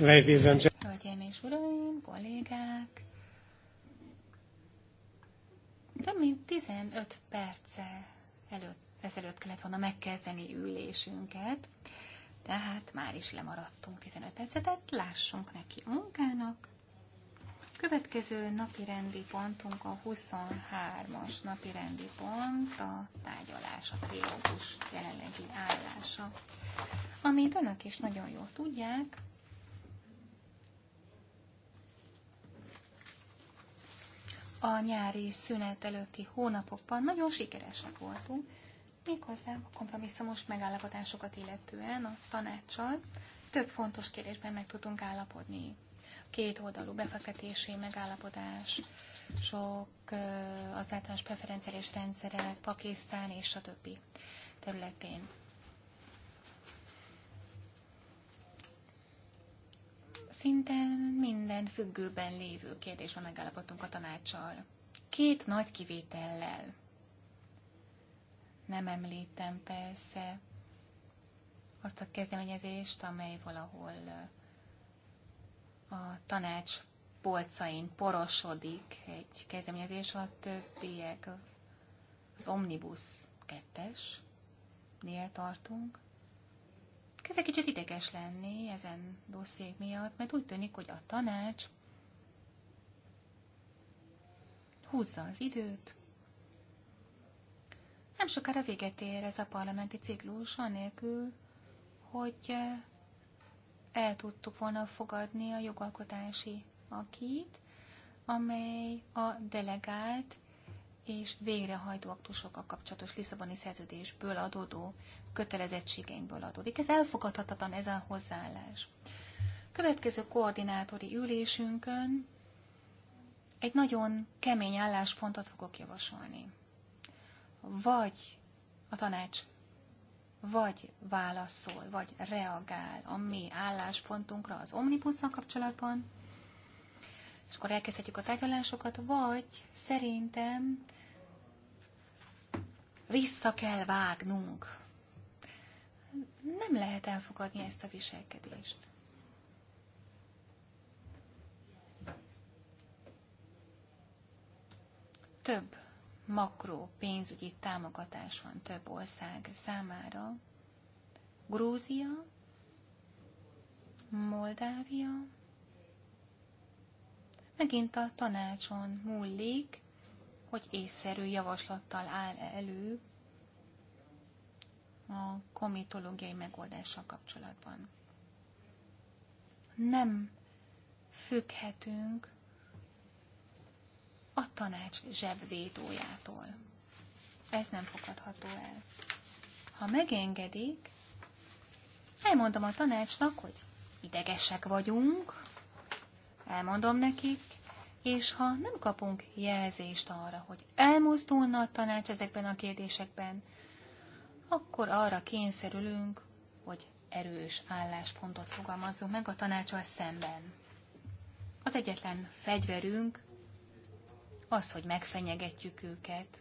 ladies and Hölgyeim és uraim, kollégák, több mint 15 perce előtt, ezelőtt kellett volna megkezdeni ülésünket, tehát már is lemaradtunk 15 percet, tehát lássunk neki a munkának. Következő napi rendi pontunk a 23-as napi rendi pont, a tárgyalás, a triógus jelenlegi állása. Amit önök is nagyon jól tudják, a nyári szünet előtti hónapokban nagyon sikeresek voltunk, méghozzá a kompromisszumos megállapodásokat illetően a tanácssal több fontos kérdésben meg tudtunk állapodni két oldalú befektetési megállapodás, sok az általános preferenciális rendszerek, Pakisztán és a többi területén. Szinte minden függőben lévő kérdésben megállapodtunk a tanácssal. Két nagy kivétellel. Nem említem persze azt a kezdeményezést, amely valahol a tanács polcain porosodik egy kezdeményezés, a többiek az Omnibus 2-esnél tartunk. Kezdek kicsit ideges lenni ezen dossziék miatt, mert úgy tűnik, hogy a tanács húzza az időt. Nem sokára véget ér ez a parlamenti ciklus, anélkül, hogy eh, el tudtuk volna fogadni a jogalkotási akit, amely a delegált és végrehajtó aktusokkal kapcsolatos Lisszaboni szerződésből adódó kötelezettségeinkből adódik. Ez elfogadhatatlan ez a hozzáállás. Következő koordinátori ülésünkön egy nagyon kemény álláspontot fogok javasolni. Vagy a tanács vagy válaszol, vagy reagál a mi álláspontunkra az omnibusszal kapcsolatban, és akkor elkezdhetjük a tárgyalásokat, vagy szerintem vissza kell vágnunk. Nem lehet elfogadni ezt a viselkedést. Több makró pénzügyi támogatás van több ország számára. Grúzia, Moldávia, megint a tanácson múlik, hogy észszerű javaslattal áll elő a komitológiai megoldással kapcsolatban. Nem függhetünk a tanács zsebvétójától. Ez nem fogadható el. Ha megengedik, elmondom a tanácsnak, hogy idegesek vagyunk, elmondom nekik, és ha nem kapunk jelzést arra, hogy elmozdulna a tanács ezekben a kérdésekben, akkor arra kényszerülünk, hogy erős álláspontot fogalmazzunk meg a tanácsal szemben. Az egyetlen fegyverünk az, hogy megfenyegetjük őket.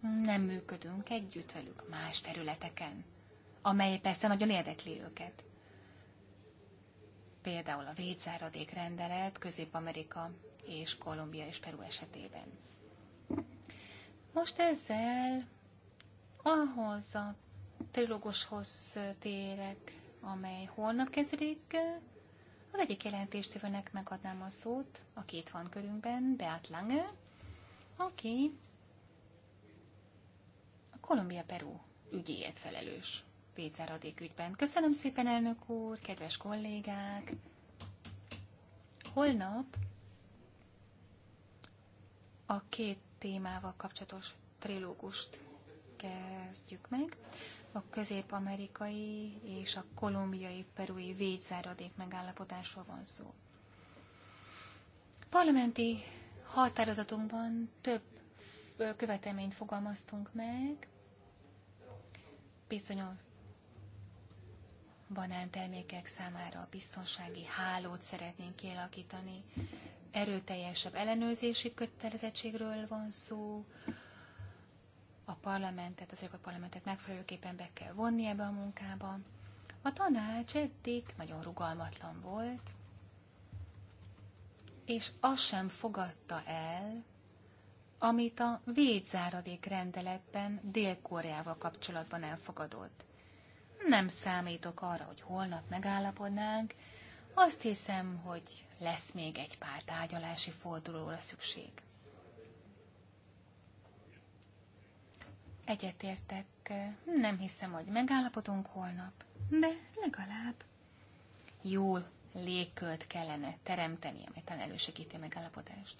Nem működünk együtt velük más területeken, amely persze nagyon érdekli őket. Például a védzáradék rendelet Közép-Amerika és Kolumbia és Peru esetében. Most ezzel ahhoz a trilógushoz térek, amely holnap kezdődik, az egyik jelentéstévőnek megadnám a szót, a két van körünkben, Beat Lange, aki a Kolumbia-Peru ügyéért felelős pénzáradék ügyben. Köszönöm szépen, elnök úr, kedves kollégák! Holnap a két témával kapcsolatos trilógust kezdjük meg a közép-amerikai és a kolumbiai perui védzáradék megállapodásról van szó. Parlamenti határozatunkban több követelményt fogalmaztunk meg, bizonyos banántermékek számára a biztonsági hálót szeretnénk kialakítani, erőteljesebb ellenőrzési kötelezettségről van szó, a parlamentet, az a parlamentet megfelelőképpen be kell vonni ebbe a munkába. A tanács eddig nagyon rugalmatlan volt, és azt sem fogadta el, amit a védzáradék rendeletben Dél-Koreával kapcsolatban elfogadott. Nem számítok arra, hogy holnap megállapodnánk, azt hiszem, hogy lesz még egy pár tárgyalási fordulóra szükség. Egyetértek. Nem hiszem, hogy megállapodunk holnap, de legalább jól légkölt kellene teremteni, ami talán elősegíti a megállapodást.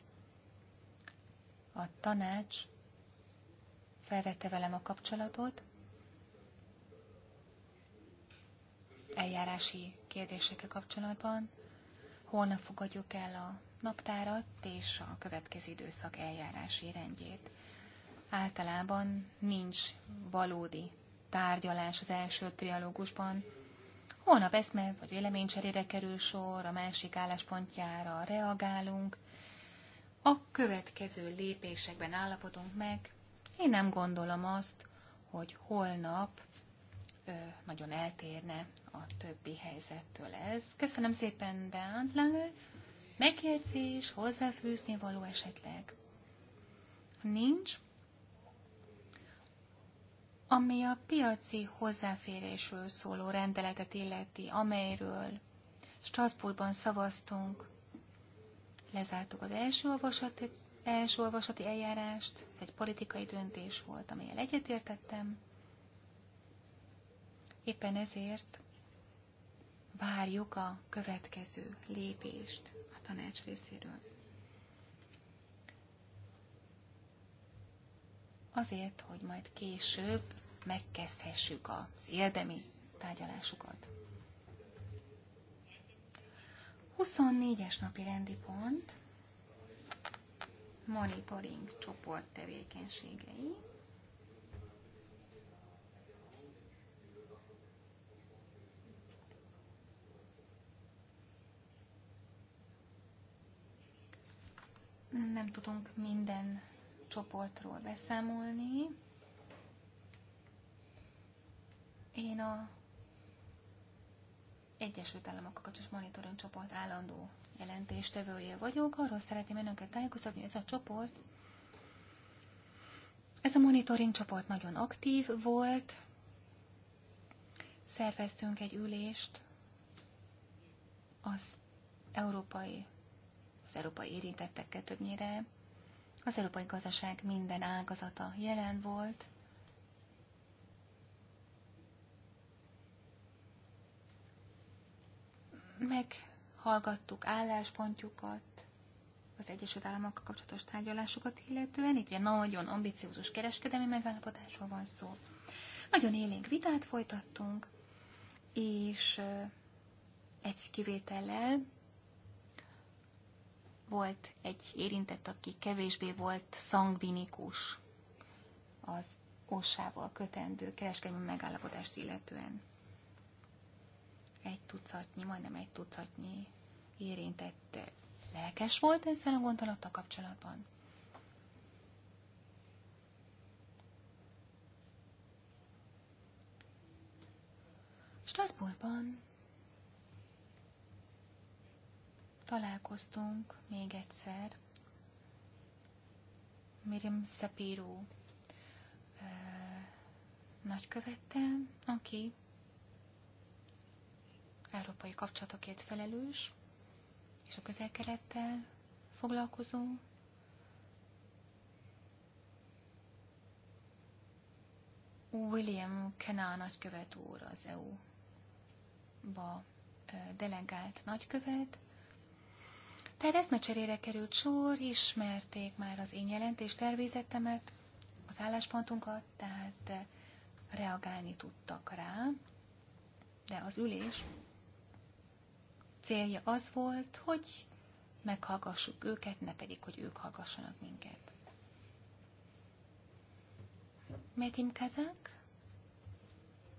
A tanács felvette velem a kapcsolatot, eljárási kérdésekkel kapcsolatban. Holnap fogadjuk el a naptárat és a következő időszak eljárási rendjét általában nincs valódi tárgyalás az első trialógusban. Holnap eszme vagy véleménycserére kerül sor, a másik álláspontjára reagálunk, a következő lépésekben állapodunk meg. Én nem gondolom azt, hogy holnap ö, nagyon eltérne a többi helyzettől ez. Köszönöm szépen, Beánt Lange. Megjegyzés, hozzáfűzni való esetleg? Nincs. Ami a piaci hozzáférésről szóló rendeletet illeti, amelyről Strasbourgban szavaztunk, lezártuk az első olvasati, első olvasati eljárást, ez egy politikai döntés volt, amelyel egyetértettem. Éppen ezért várjuk a következő lépést a tanács részéről. Azért, hogy majd később megkezdhessük az érdemi tárgyalásukat. 24-es napi rendi pont, monitoring csoport tevékenységei. Nem tudunk minden csoportról beszámolni, Én a Egyesült Államokkal kapcsolatos monitoring csoport állandó jelentéstevője vagyok. Arról szeretném önöket tájékoztatni, hogy ez a csoport, ez a monitoring csoport nagyon aktív volt. Szerveztünk egy ülést az európai, az európai érintettekkel többnyire. Az európai gazdaság minden ágazata jelen volt, meghallgattuk álláspontjukat, az Egyesült Államokkal kapcsolatos tárgyalásokat illetően. Itt ugye nagyon ambiciózus kereskedelmi megállapodásról van szó. Nagyon élénk vitát folytattunk, és egy kivétellel volt egy érintett, aki kevésbé volt szangvinikus az ossával kötendő kereskedelmi megállapodást illetően egy tucatnyi, majdnem egy tucatnyi érintett lelkes volt ezzel a gondolattal kapcsolatban. Strasbourgban találkoztunk még egyszer Miriam Szapíró nagykövettel, aki európai kapcsolatokért felelős, és a közel-kelettel foglalkozó, William Kenna nagykövet úr az EU-ba delegált nagykövet. Tehát eszmecserére került sor, ismerték már az én jelentés tervezetemet, az álláspontunkat, tehát reagálni tudtak rá, de az ülés célja az volt, hogy meghallgassuk őket, ne pedig, hogy ők hallgassanak minket. Mert imkezek?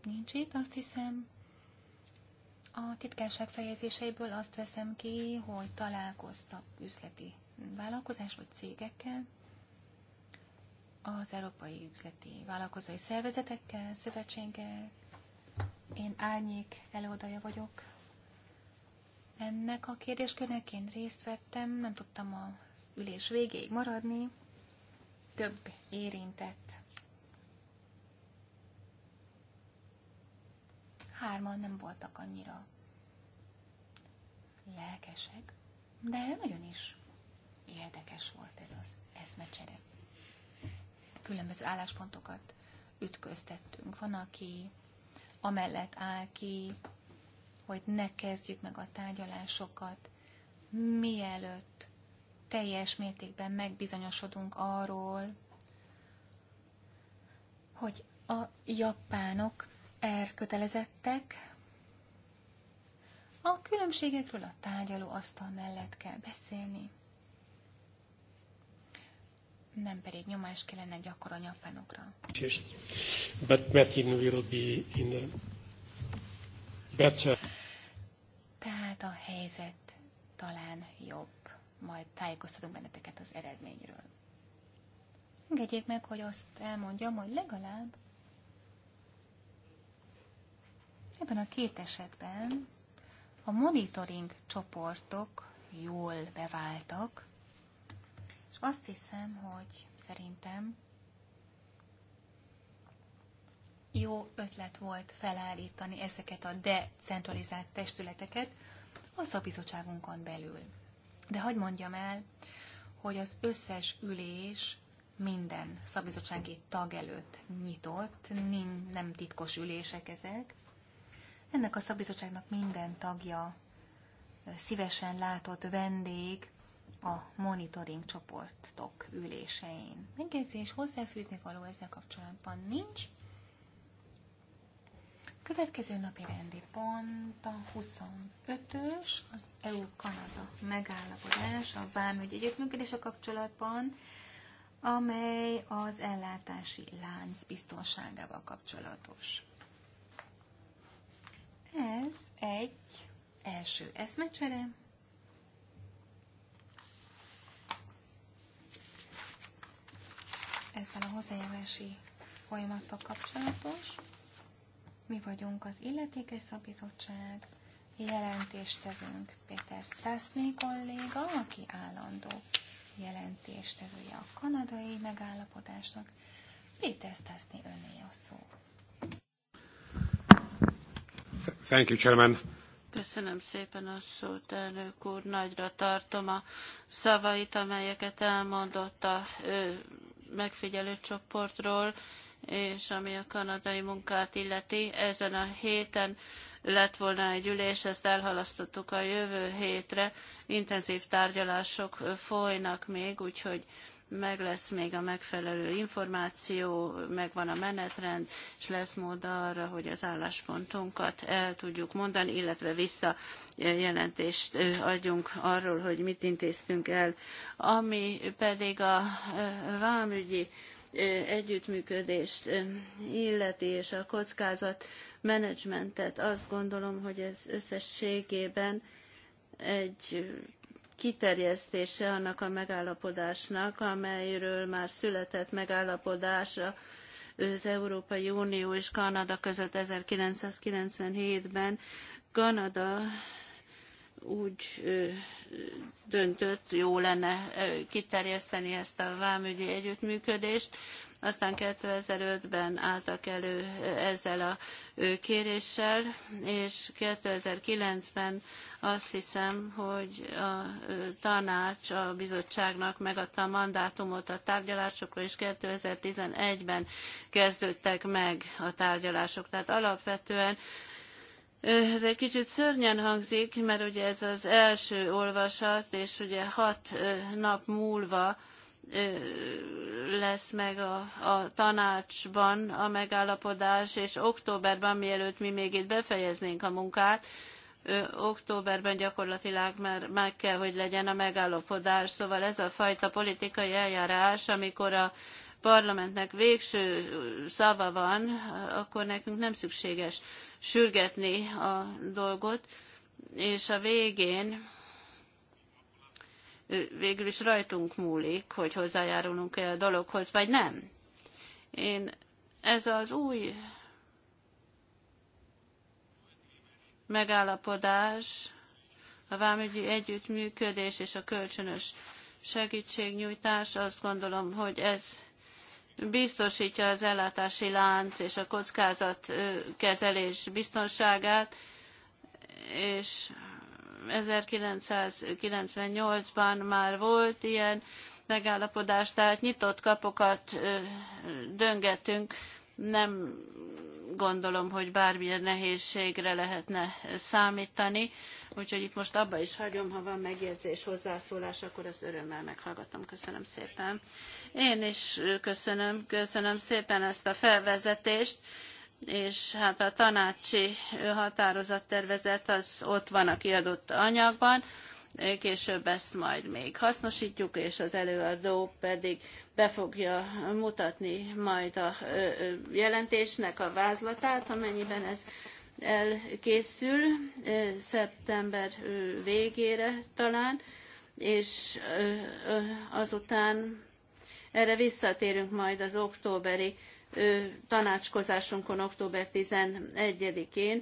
Nincs itt, azt hiszem. A titkárság fejezéseiből azt veszem ki, hogy találkoztak üzleti vállalkozás vagy cégekkel, az európai üzleti vállalkozói szervezetekkel, szövetséggel. Én Álnyék előadója vagyok ennek a kérdéskörnek. Én részt vettem, nem tudtam az ülés végéig maradni. Több érintett. Hárman nem voltak annyira lelkesek, de nagyon is érdekes volt ez az eszmecsere. Különböző álláspontokat ütköztettünk. Van, aki amellett áll ki, hogy ne kezdjük meg a tárgyalásokat, mielőtt teljes mértékben megbizonyosodunk arról, hogy a japánok elkötelezettek, a különbségekről a tárgyaló asztal mellett kell beszélni, nem pedig nyomás kellene gyakorolni a japánokra. But Martin will be in the better tehát a helyzet talán jobb. Majd tájékoztatunk benneteket az eredményről. Engedjék meg, hogy azt elmondjam, hogy legalább ebben a két esetben a monitoring csoportok jól beváltak, és azt hiszem, hogy szerintem jó ötlet volt felállítani ezeket a decentralizált testületeket, a szabizottságunkon belül. De hagyd mondjam el, hogy az összes ülés minden szabizottsági tag előtt nyitott, nem titkos ülések ezek. Ennek a szabizottságnak minden tagja szívesen látott vendég a monitoring csoportok ülésein. Megjegyzés hozzáfűzni való ezzel kapcsolatban nincs. Következő napi rendi pont a 25-ös, az EU-Kanada megállapodás a vámügy együttműködése kapcsolatban, amely az ellátási lánc biztonságával kapcsolatos. Ez egy első eszmecsere, ezzel a hozzájárulási folyamattal kapcsolatos. Mi vagyunk az illetékes szakbizottság, jelentéstevőnk Péter Stasznyi kolléga, aki állandó jelentéstevője a kanadai megállapodásnak. Péter Stasznyi önné a szó. Thank you, Chairman. Köszönöm szépen a szót, elnök úr. Nagyra tartom a szavait, amelyeket elmondott a megfigyelő csoportról és ami a kanadai munkát illeti, ezen a héten lett volna egy ülés, ezt elhalasztottuk a jövő hétre. Intenzív tárgyalások folynak még, úgyhogy meg lesz még a megfelelő információ, megvan a menetrend, és lesz mód arra, hogy az álláspontunkat el tudjuk mondani, illetve vissza jelentést adjunk arról, hogy mit intéztünk el. Ami pedig a vámügyi együttműködést illeti, és a kockázat menedzsmentet, azt gondolom, hogy ez összességében egy kiterjesztése annak a megállapodásnak, amelyről már született megállapodása az Európai Unió és Kanada között 1997-ben. Kanada úgy döntött, jó lenne kiterjeszteni ezt a vámügyi együttműködést. Aztán 2005-ben álltak elő ezzel a kéréssel, és 2009-ben azt hiszem, hogy a tanács a bizottságnak megadta a mandátumot a tárgyalásokra, és 2011-ben kezdődtek meg a tárgyalások. Tehát alapvetően ez egy kicsit szörnyen hangzik, mert ugye ez az első olvasat, és ugye hat nap múlva lesz meg a, a tanácsban a megállapodás, és októberben, mielőtt mi még itt befejeznénk a munkát, októberben gyakorlatilag már meg kell, hogy legyen a megállapodás. Szóval ez a fajta politikai eljárás, amikor a parlamentnek végső szava van, akkor nekünk nem szükséges sürgetni a dolgot, és a végén végül is rajtunk múlik, hogy hozzájárulunk-e a dologhoz, vagy nem. Én ez az új megállapodás, a vámügyi együttműködés és a kölcsönös segítségnyújtás, azt gondolom, hogy ez biztosítja az ellátási lánc és a kockázatkezelés biztonságát, és 1998-ban már volt ilyen megállapodás, tehát nyitott kapokat döngetünk, nem gondolom, hogy bármilyen nehézségre lehetne számítani, úgyhogy itt most abba is hagyom, ha van megjegyzés, hozzászólás, akkor azt örömmel meghallgatom. Köszönöm szépen. Én is köszönöm, köszönöm szépen ezt a felvezetést és hát a tanácsi határozattervezet az ott van a kiadott anyagban később ezt majd még hasznosítjuk, és az előadó pedig be fogja mutatni majd a jelentésnek a vázlatát, amennyiben ez elkészül szeptember végére talán, és azután erre visszatérünk majd az októberi tanácskozásunkon, október 11-én,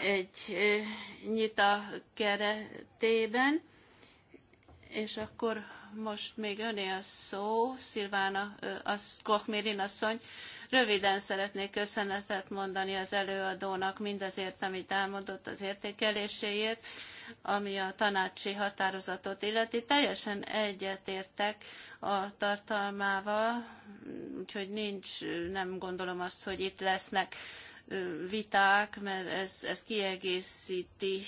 egy nyita keretében, és akkor most még öné a szó, Szilvána az, Kochmérin asszony. Röviden szeretnék köszönetet mondani az előadónak mindezért, amit elmondott az értékeléséért, ami a tanácsi határozatot illeti. Teljesen egyetértek a tartalmával, úgyhogy nincs, nem gondolom azt, hogy itt lesznek viták, mert ez, ez kiegészíti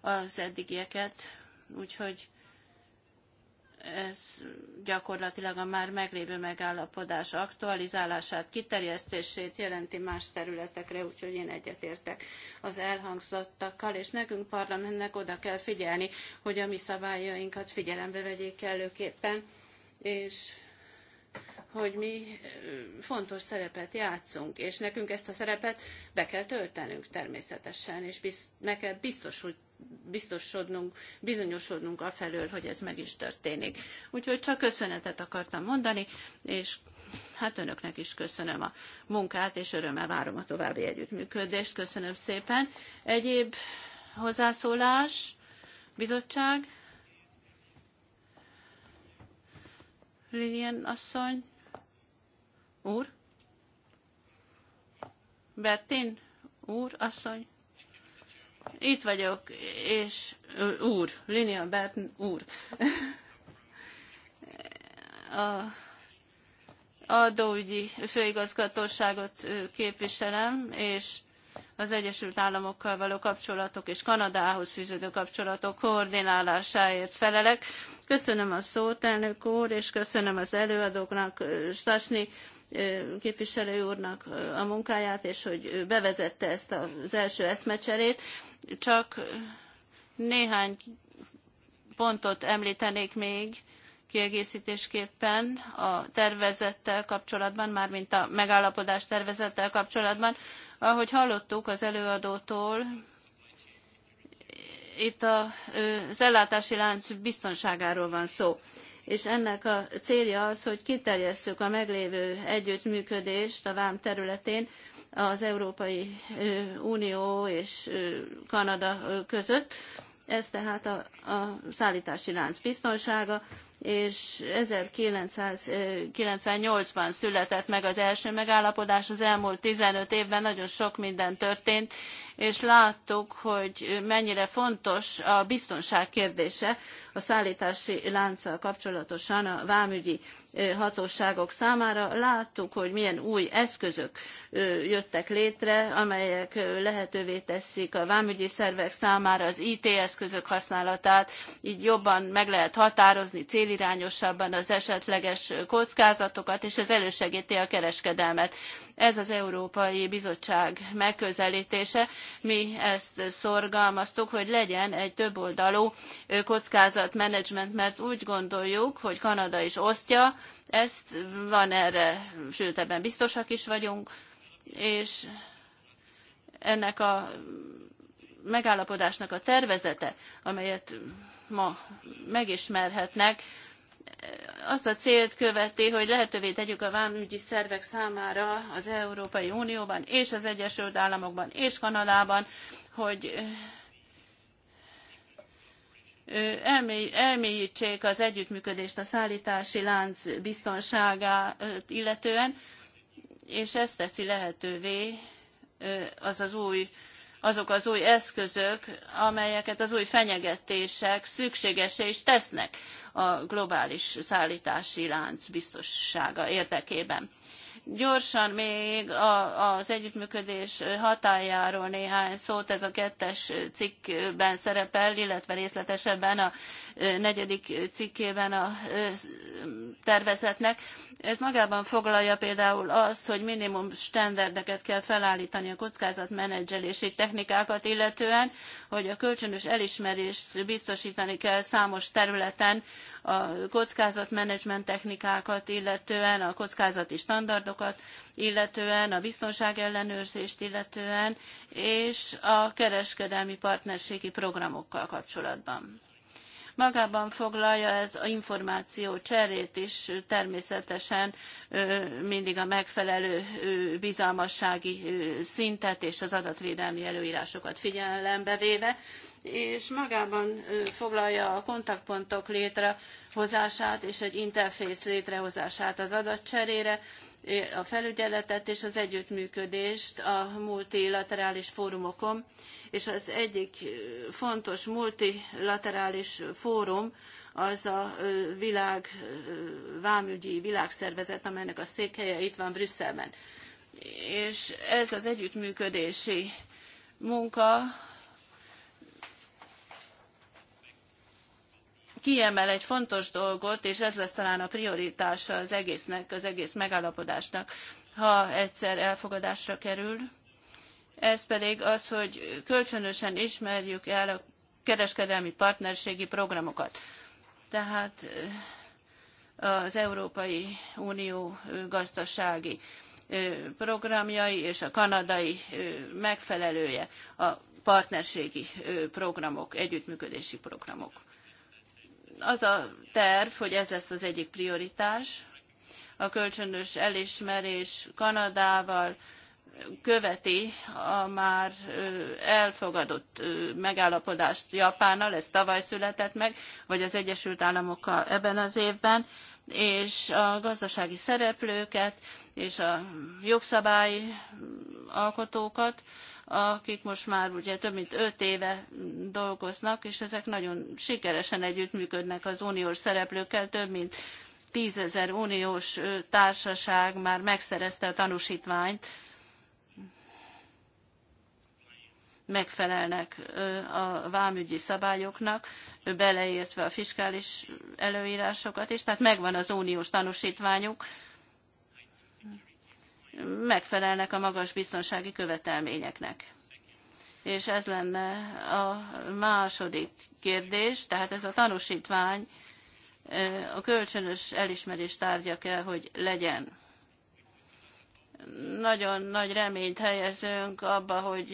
az eddigieket, úgyhogy ez gyakorlatilag a már meglévő megállapodás aktualizálását, kiterjesztését jelenti más területekre, úgyhogy én egyetértek az elhangzottakkal, és nekünk parlamentnek oda kell figyelni, hogy a mi szabályainkat figyelembe vegyék kellőképpen, és hogy mi fontos szerepet játszunk, és nekünk ezt a szerepet be kell töltenünk természetesen, és meg kell biztos, hogy biztosodnunk, bizonyosodnunk afelől, hogy ez meg is történik. Úgyhogy csak köszönetet akartam mondani, és hát önöknek is köszönöm a munkát, és örömmel várom a további együttműködést. Köszönöm szépen. Egyéb hozzászólás? Bizottság? Lilian asszony? úr, Bertin úr, asszony, itt vagyok, és úr, Linia Bertin úr. A adóügyi főigazgatóságot képviselem, és az Egyesült Államokkal való kapcsolatok és Kanadához fűződő kapcsolatok koordinálásáért felelek. Köszönöm a szót, elnök úr, és köszönöm az előadóknak, Stasni képviselő úrnak a munkáját, és hogy bevezette ezt az első eszmecserét. Csak néhány pontot említenék még kiegészítésképpen a tervezettel kapcsolatban, mármint a megállapodás tervezettel kapcsolatban. Ahogy hallottuk az előadótól, itt az ellátási lánc biztonságáról van szó és ennek a célja az, hogy kiterjesszük a meglévő együttműködést a vám területén az Európai Unió és Kanada között. Ez tehát a, a szállítási lánc biztonsága, és 1998-ban született meg az első megállapodás, az elmúlt 15 évben nagyon sok minden történt, és láttuk, hogy mennyire fontos a biztonság kérdése a szállítási lánccal kapcsolatosan a vámügyi hatóságok számára. Láttuk, hogy milyen új eszközök jöttek létre, amelyek lehetővé teszik a vámügyi szervek számára az IT eszközök használatát, így jobban meg lehet határozni célirányosabban az esetleges kockázatokat, és ez elősegíti a kereskedelmet. Ez az Európai Bizottság megközelítése. Mi ezt szorgalmaztuk, hogy legyen egy többoldalú kockázatmenedzsment, mert úgy gondoljuk, hogy Kanada is osztja, ezt van erre, sőt ebben biztosak is vagyunk, és ennek a megállapodásnak a tervezete, amelyet ma megismerhetnek, azt a célt követi, hogy lehetővé tegyük a vámügyi szervek számára az Európai Unióban és az Egyesült Államokban és Kanadában, hogy elmélyítsék az együttműködést a szállítási lánc biztonságát illetően, és ezt teszi lehetővé az az új azok az új eszközök, amelyeket az új fenyegetések szükségesé is tesznek a globális szállítási lánc biztonsága érdekében. Gyorsan még a, az együttműködés hatájáról néhány szót, ez a kettes cikkben szerepel, illetve részletesebben a negyedik cikkében a tervezetnek. Ez magában foglalja például azt, hogy minimum standardeket kell felállítani a kockázatmenedzselési technikákat, illetően, hogy a kölcsönös elismerést biztosítani kell számos területen, a kockázatmenedzsment technikákat illetően, a kockázati standardokat illetően, a biztonságellenőrzést illetően, és a kereskedelmi partnerségi programokkal kapcsolatban. Magában foglalja ez a információ cserét is természetesen mindig a megfelelő bizalmassági szintet és az adatvédelmi előírásokat figyelembe véve, és magában foglalja a kontaktpontok létrehozását és egy interfész létrehozását az adatcserére, a felügyeletet és az együttműködést a multilaterális fórumokon, és az egyik fontos multilaterális fórum az a világ vámügyi világszervezet, amelynek a székhelye itt van Brüsszelben. És ez az együttműködési munka kiemel egy fontos dolgot, és ez lesz talán a prioritása az egésznek, az egész megállapodásnak, ha egyszer elfogadásra kerül. Ez pedig az, hogy kölcsönösen ismerjük el a kereskedelmi partnerségi programokat. Tehát az Európai Unió gazdasági programjai és a kanadai megfelelője a partnerségi programok, együttműködési programok az a terv, hogy ez lesz az egyik prioritás, a kölcsönös elismerés Kanadával követi a már elfogadott megállapodást Japánnal, ez tavaly született meg, vagy az Egyesült Államokkal ebben az évben, és a gazdasági szereplőket és a jogszabály alkotókat, akik most már ugye több mint öt éve dolgoznak, és ezek nagyon sikeresen együttműködnek az uniós szereplőkkel, több mint tízezer uniós társaság már megszerezte a tanúsítványt, megfelelnek a vámügyi szabályoknak, beleértve a fiskális előírásokat is, tehát megvan az uniós tanúsítványuk, megfelelnek a magas biztonsági követelményeknek. És ez lenne a második kérdés, tehát ez a tanúsítvány a kölcsönös elismerés tárgya kell, hogy legyen. Nagyon nagy reményt helyezünk abba, hogy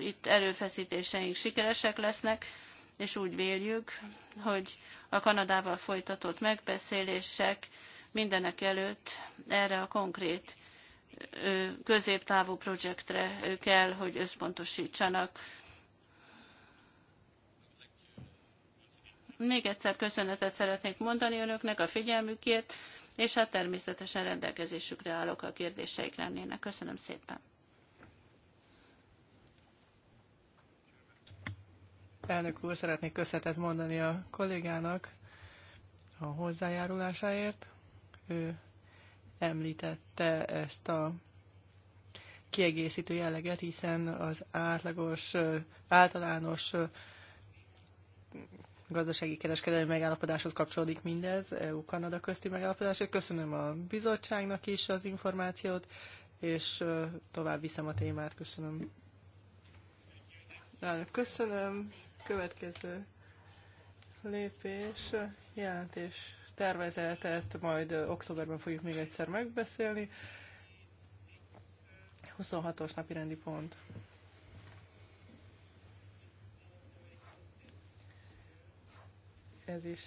itt erőfeszítéseink sikeresek lesznek, és úgy véljük, hogy a Kanadával folytatott megbeszélések mindenek előtt erre a konkrét középtávú projektre kell, hogy összpontosítsanak. Még egyszer köszönetet szeretnék mondani önöknek a figyelmükért, és hát természetesen rendelkezésükre állok, a kérdéseik lennének. Köszönöm szépen. Elnök úr, szeretnék köszönetet mondani a kollégának a hozzájárulásáért. Ő említette ezt a kiegészítő jelleget, hiszen az átlagos, általános gazdasági kereskedelmi megállapodáshoz kapcsolódik mindez, EU-Kanada közti megállapodás. Köszönöm a bizottságnak is az információt, és tovább viszem a témát. Köszönöm. Köszönöm. Következő lépés, jelentés tervezetet majd októberben fogjuk még egyszer megbeszélni. 26-os napi rendi pont. Ez is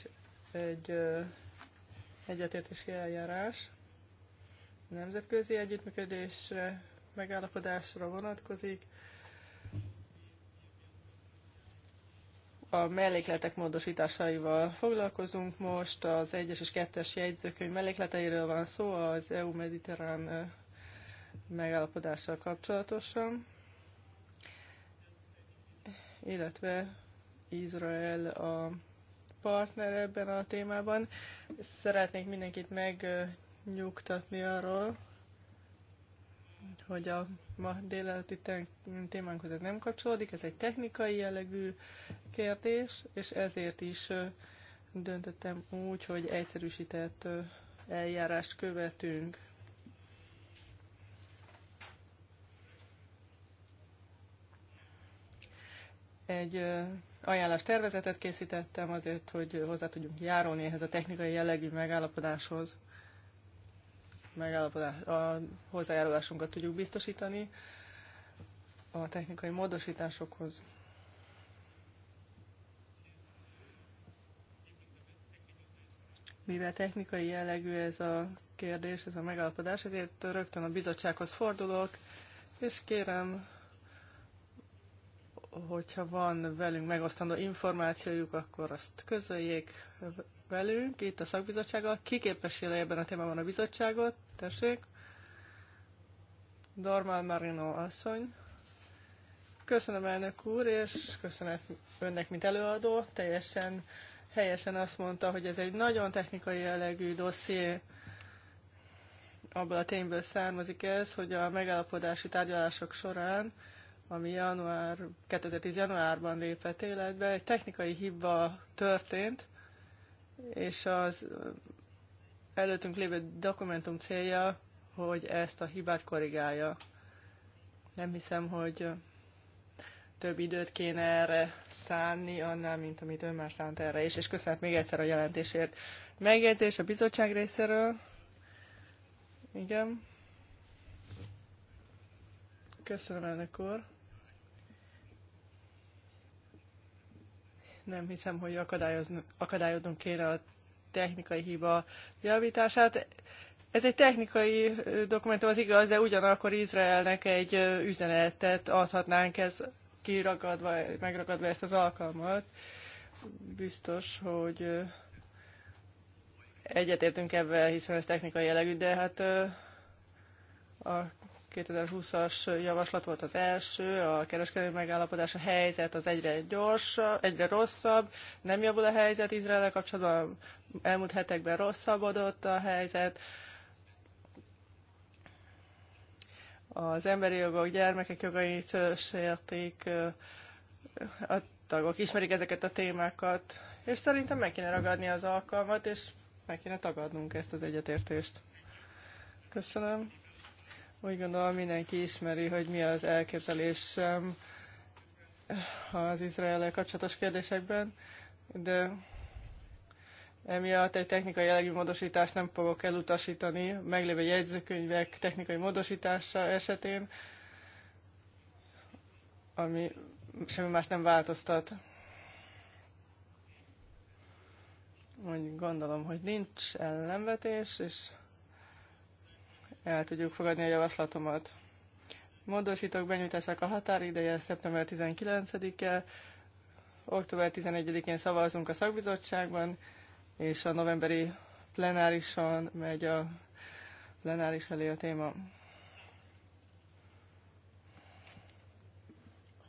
egy egyetértési eljárás. Nemzetközi együttműködésre, megállapodásra vonatkozik. A mellékletek módosításaival foglalkozunk most. Az 1-es és 2-es jegyzőkönyv mellékleteiről van szó az EU-mediterrán megállapodással kapcsolatosan, illetve Izrael a partner ebben a témában. Szeretnék mindenkit megnyugtatni arról, hogy a ma délelőtti témánkhoz ez nem kapcsolódik, ez egy technikai jellegű kérdés, és ezért is döntöttem úgy, hogy egyszerűsített eljárást követünk. Egy ajánlás tervezetet készítettem azért, hogy hozzá tudjunk járulni ehhez a technikai jellegű megállapodáshoz megállapodás, a hozzájárulásunkat tudjuk biztosítani a technikai módosításokhoz. Mivel technikai jellegű ez a kérdés, ez a megállapodás, ezért rögtön a bizottsághoz fordulok, és kérem hogyha van velünk megosztandó információjuk, akkor azt közöljék velünk itt a szakbizottsággal. Kiképesíle ebben a témában a bizottságot? Tessék. Dormal Marino asszony. Köszönöm, elnök úr, és köszönet önnek, mint előadó. Teljesen helyesen azt mondta, hogy ez egy nagyon technikai jellegű dosszié. Abból a tényből származik ez, hogy a megállapodási tárgyalások során ami január, 2010. januárban lépett életbe, egy technikai hiba történt, és az előttünk lévő dokumentum célja, hogy ezt a hibát korrigálja. Nem hiszem, hogy több időt kéne erre szánni annál, mint amit ön már szánt erre is, és köszönöm még egyszer a jelentésért. Megjegyzés a bizottság részéről. Igen. Köszönöm, elnök úr. nem hiszem, hogy akadályoznunk kéne a technikai hiba javítását. Ez egy technikai dokumentum, az igaz, de ugyanakkor Izraelnek egy üzenetet adhatnánk, ez kiragadva, megragadva ezt az alkalmat. Biztos, hogy egyetértünk ebben, hiszen ez technikai jellegű, de hát a 2020-as javaslat volt az első, a kereskedelmi megállapodás, a helyzet az egyre gyors, egyre rosszabb, nem javul a helyzet izrael kapcsolatban, elmúlt hetekben rosszabbodott a helyzet, az emberi jogok, gyermekek jogait sértik, a tagok ismerik ezeket a témákat, és szerintem meg kéne ragadni az alkalmat, és meg kéne tagadnunk ezt az egyetértést. Köszönöm. Úgy gondolom mindenki ismeri, hogy mi az elképzelésem az izrael kapcsolatos kérdésekben, de emiatt egy technikai jellegű módosítást nem fogok elutasítani meglévő jegyzőkönyvek technikai módosítása esetén, ami semmi más nem változtat. Úgy gondolom, hogy nincs ellenvetés, és el tudjuk fogadni a javaslatomat. Módosítok benyújtásnak a határideje szeptember 19-e, október 11-én szavazunk a szakbizottságban, és a novemberi plenárison megy a plenáris felé a téma.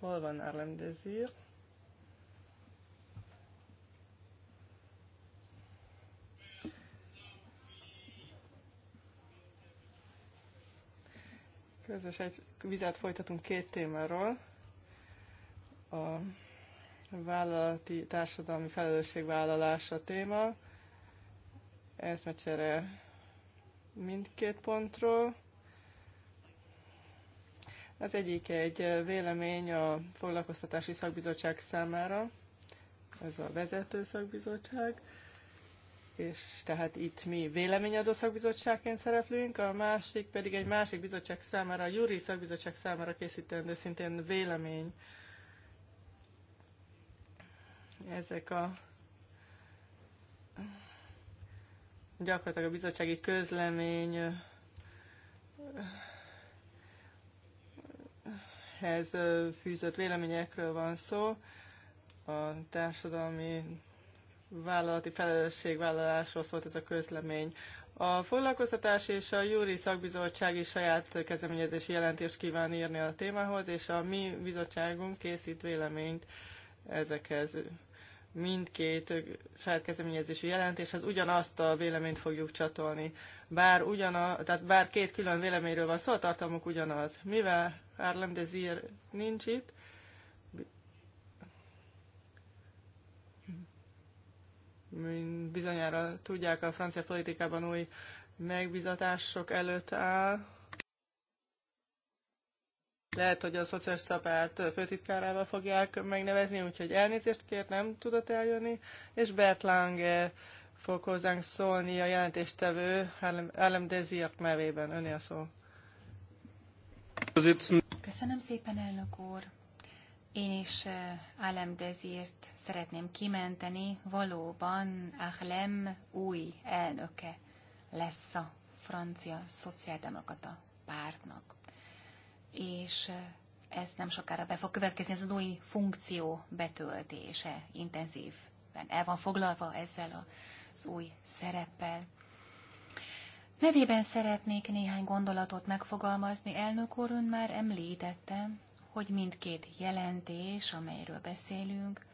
Hol van Arlem Desir? Közös egy vizet folytatunk két témáról. A vállalati társadalmi felelősségvállalás a téma. Eszmecsere mindkét pontról. Az egyik egy vélemény a foglalkoztatási szakbizottság számára, ez a vezető szakbizottság és tehát itt mi véleményadó szakbizottságként szereplünk, a másik pedig egy másik bizottság számára, a júri szakbizottság számára készítendő szintén vélemény. Ezek a gyakorlatilag a bizottsági közlemény ez fűzött véleményekről van szó, a társadalmi vállalati felelősségvállalásról szólt ez a közlemény. A foglalkoztatás és a júri szakbizottság is saját kezdeményezési jelentést kíván írni a témához, és a mi bizottságunk készít véleményt ezekhez. Mindkét saját kezdeményezési jelentéshez ugyanazt a véleményt fogjuk csatolni. Bár, ugyana, tehát bár két külön véleményről van szó, a tartalmuk ugyanaz. Mivel Árlem Desir nincs itt, mint bizonyára tudják, a francia politikában új megbizatások előtt áll. Lehet, hogy a szocialista párt főtitkárával fogják megnevezni, úgyhogy elnézést kért, nem tudott eljönni, és Bert Lange fog hozzánk szólni a jelentéstevő Ellem Desirk nevében. Öné a szó. Köszönöm szépen, elnök úr. Én is eh, Alem Dezirt szeretném kimenteni, valóban Ahlem új elnöke lesz a francia szociáldemokrata pártnak. És eh, ez nem sokára be fog következni, ez az új funkció betöltése intenzívben el van foglalva ezzel az új szereppel. Nevében szeretnék néhány gondolatot megfogalmazni, elnök úr, ön már említette, hogy mindkét jelentés, amelyről beszélünk,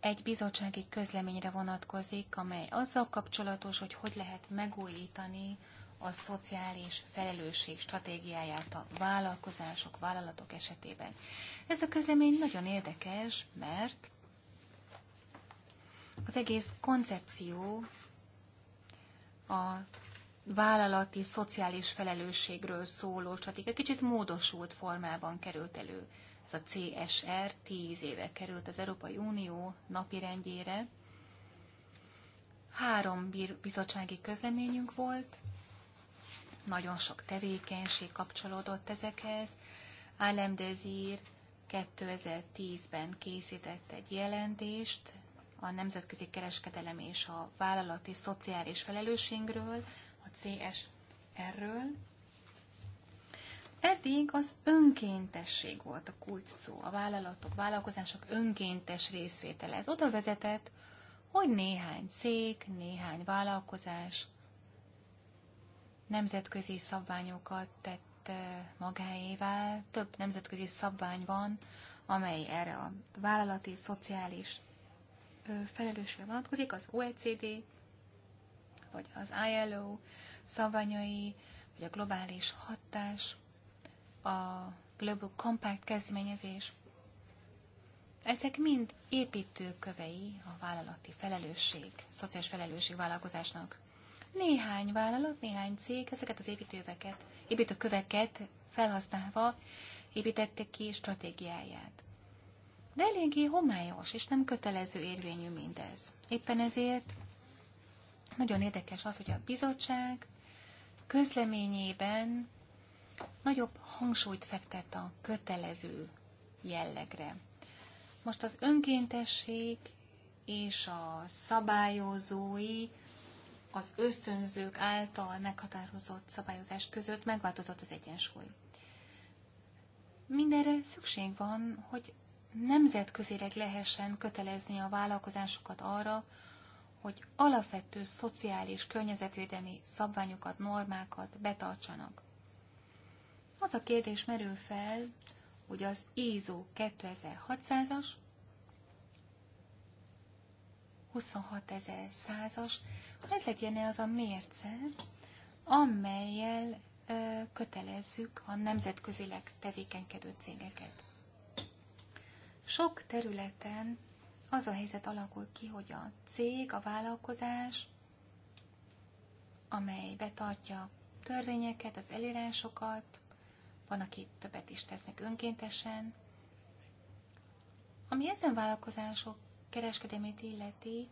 egy bizottsági közleményre vonatkozik, amely azzal kapcsolatos, hogy hogy lehet megújítani a szociális felelősség stratégiáját a vállalkozások, vállalatok esetében. Ez a közlemény nagyon érdekes, mert az egész koncepció a vállalati, szociális felelősségről szóló stratégia kicsit módosult formában került elő. Ez a CSR 10 éve került az Európai Unió napirendjére. Három bizottsági közleményünk volt, nagyon sok tevékenység kapcsolódott ezekhez. Álem Dezir 2010-ben készített egy jelentést a nemzetközi kereskedelem és a vállalati szociális felelősségről, CSR-ről. Eddig az önkéntesség volt a kulcs szó, a vállalatok, vállalkozások önkéntes részvétele. Ez oda vezetett, hogy néhány cég, néhány vállalkozás nemzetközi szabványokat tett eh, magáévá. Több nemzetközi szabvány van, amely erre a vállalati, szociális felelősségre vonatkozik, az OECD, hogy az ILO szavanyai, vagy a globális hatás, a Global Compact kezdeményezés. Ezek mind építőkövei a vállalati felelősség, szociális felelősség vállalkozásnak. Néhány vállalat, néhány cég ezeket az építőveket, építőköveket felhasználva építette ki stratégiáját. De eléggé homályos és nem kötelező érvényű mindez. Éppen ezért nagyon érdekes az, hogy a bizottság közleményében nagyobb hangsúlyt fektet a kötelező jellegre. Most az önkéntesség és a szabályozói, az ösztönzők által meghatározott szabályozás között megváltozott az egyensúly. Mindenre szükség van, hogy nemzetközileg lehessen kötelezni a vállalkozásokat arra, hogy alapvető szociális környezetvédelmi szabványokat, normákat betartsanak. Az a kérdés merül fel, hogy az ISO 2600-as, 26100-as, ez legyen-e az a mérce, amelyel ö, kötelezzük a nemzetközileg tevékenykedő cégeket. Sok területen az a helyzet alakul ki, hogy a cég, a vállalkozás, amely betartja törvényeket, az elírásokat, van, aki többet is tesznek önkéntesen. Ami ezen vállalkozások kereskedemét illeti,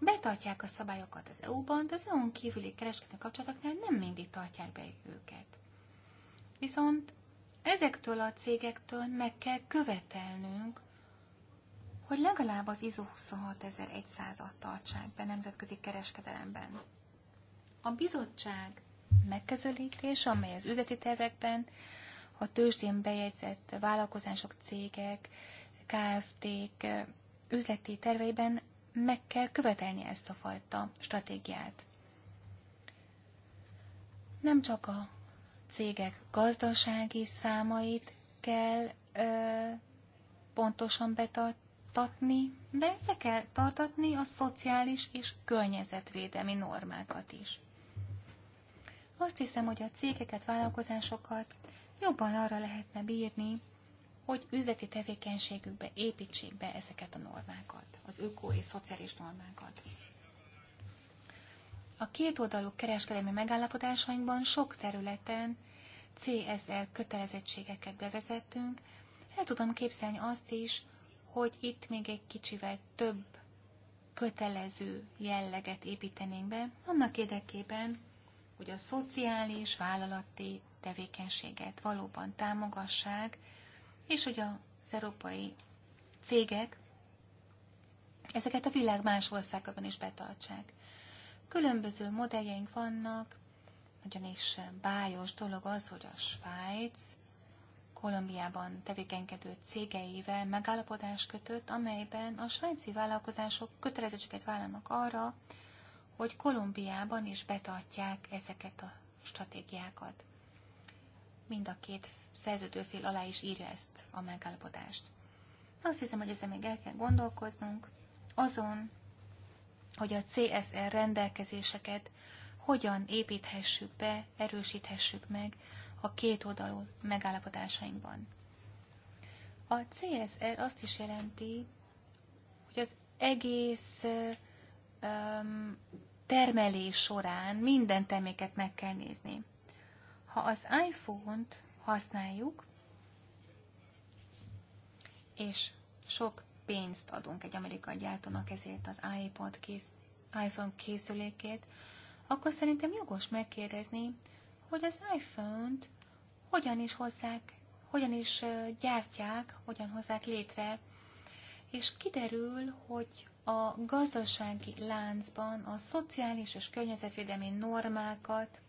betartják a szabályokat az EU-ban, de az EU-n kívüli kereskedelmi kapcsolatoknál nem mindig tartják be őket. Viszont ezektől a cégektől meg kell követelnünk, hogy legalább az ISO 26100-at tartsák be nemzetközi kereskedelemben. A bizottság megközelítés, amely az üzleti tervekben a tőzsdén bejegyzett vállalkozások, cégek, KFT-k üzleti terveiben meg kell követelni ezt a fajta stratégiát. Nem csak a cégek gazdasági számait kell ö, pontosan betart, tartatni, de be kell tartatni a szociális és környezetvédelmi normákat is. Azt hiszem, hogy a cégeket, vállalkozásokat jobban arra lehetne bírni, hogy üzleti tevékenységükbe építsék be ezeket a normákat, az ökó és szociális normákat. A kétoldalú kereskedelmi megállapodásainkban sok területen CSR kötelezettségeket bevezettünk, el tudom képzelni azt is, hogy itt még egy kicsivel több kötelező jelleget építenénk be, annak érdekében, hogy a szociális vállalati tevékenységet valóban támogassák, és hogy az európai cégek ezeket a világ más országában is betartsák. Különböző modelljeink vannak, nagyon is bájos dolog az, hogy a Svájc Kolumbiában tevékenykedő cégeivel megállapodás kötött, amelyben a svájci vállalkozások kötelezettséget vállalnak arra, hogy Kolumbiában is betartják ezeket a stratégiákat. Mind a két szerződőfél alá is írja ezt a megállapodást. Azt hiszem, hogy ezzel még el kell gondolkoznunk, azon, hogy a CSR rendelkezéseket hogyan építhessük be, erősíthessük meg a két oldalú megállapodásainkban. A CSR azt is jelenti, hogy az egész um, termelés során minden terméket meg kell nézni. Ha az iPhone-t használjuk, és sok pénzt adunk egy amerikai gyártónak ezért az iPod kész, iPhone készülékét, akkor szerintem jogos megkérdezni, hogy az iPhone-t hogyan is hozzák, hogyan is gyártják, hogyan hozzák létre, és kiderül, hogy a gazdasági láncban a szociális és környezetvédelmi normákat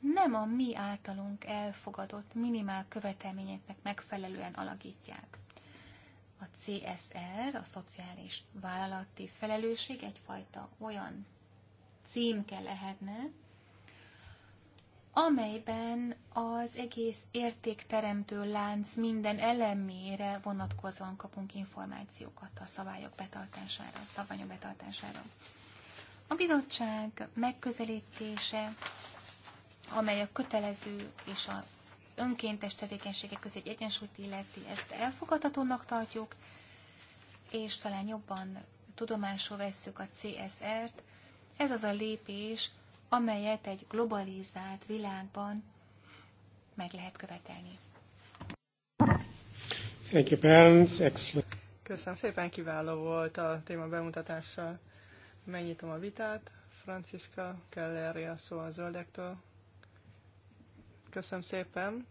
nem a mi általunk elfogadott minimál követelményeknek megfelelően alakítják. A CSR, a szociális vállalati felelősség egyfajta olyan címke lehetne, amelyben az egész értékteremtő lánc minden elemére vonatkozóan kapunk információkat a szabályok betartására, a szabványok betartására. A bizottság megközelítése, amely a kötelező és az önkéntes tevékenységek közé egy egyensúlyt illeti, ezt elfogadhatónak tartjuk, és talán jobban tudomásul vesszük a CSR-t. Ez az a lépés, amelyet egy globalizált világban meg lehet követelni. Thank you, parents. Excellent. Köszönöm szépen, kiváló volt a téma bemutatása. Megnyitom a vitát. Franciska Kelleri a szó a zöldektől. Köszönöm szépen,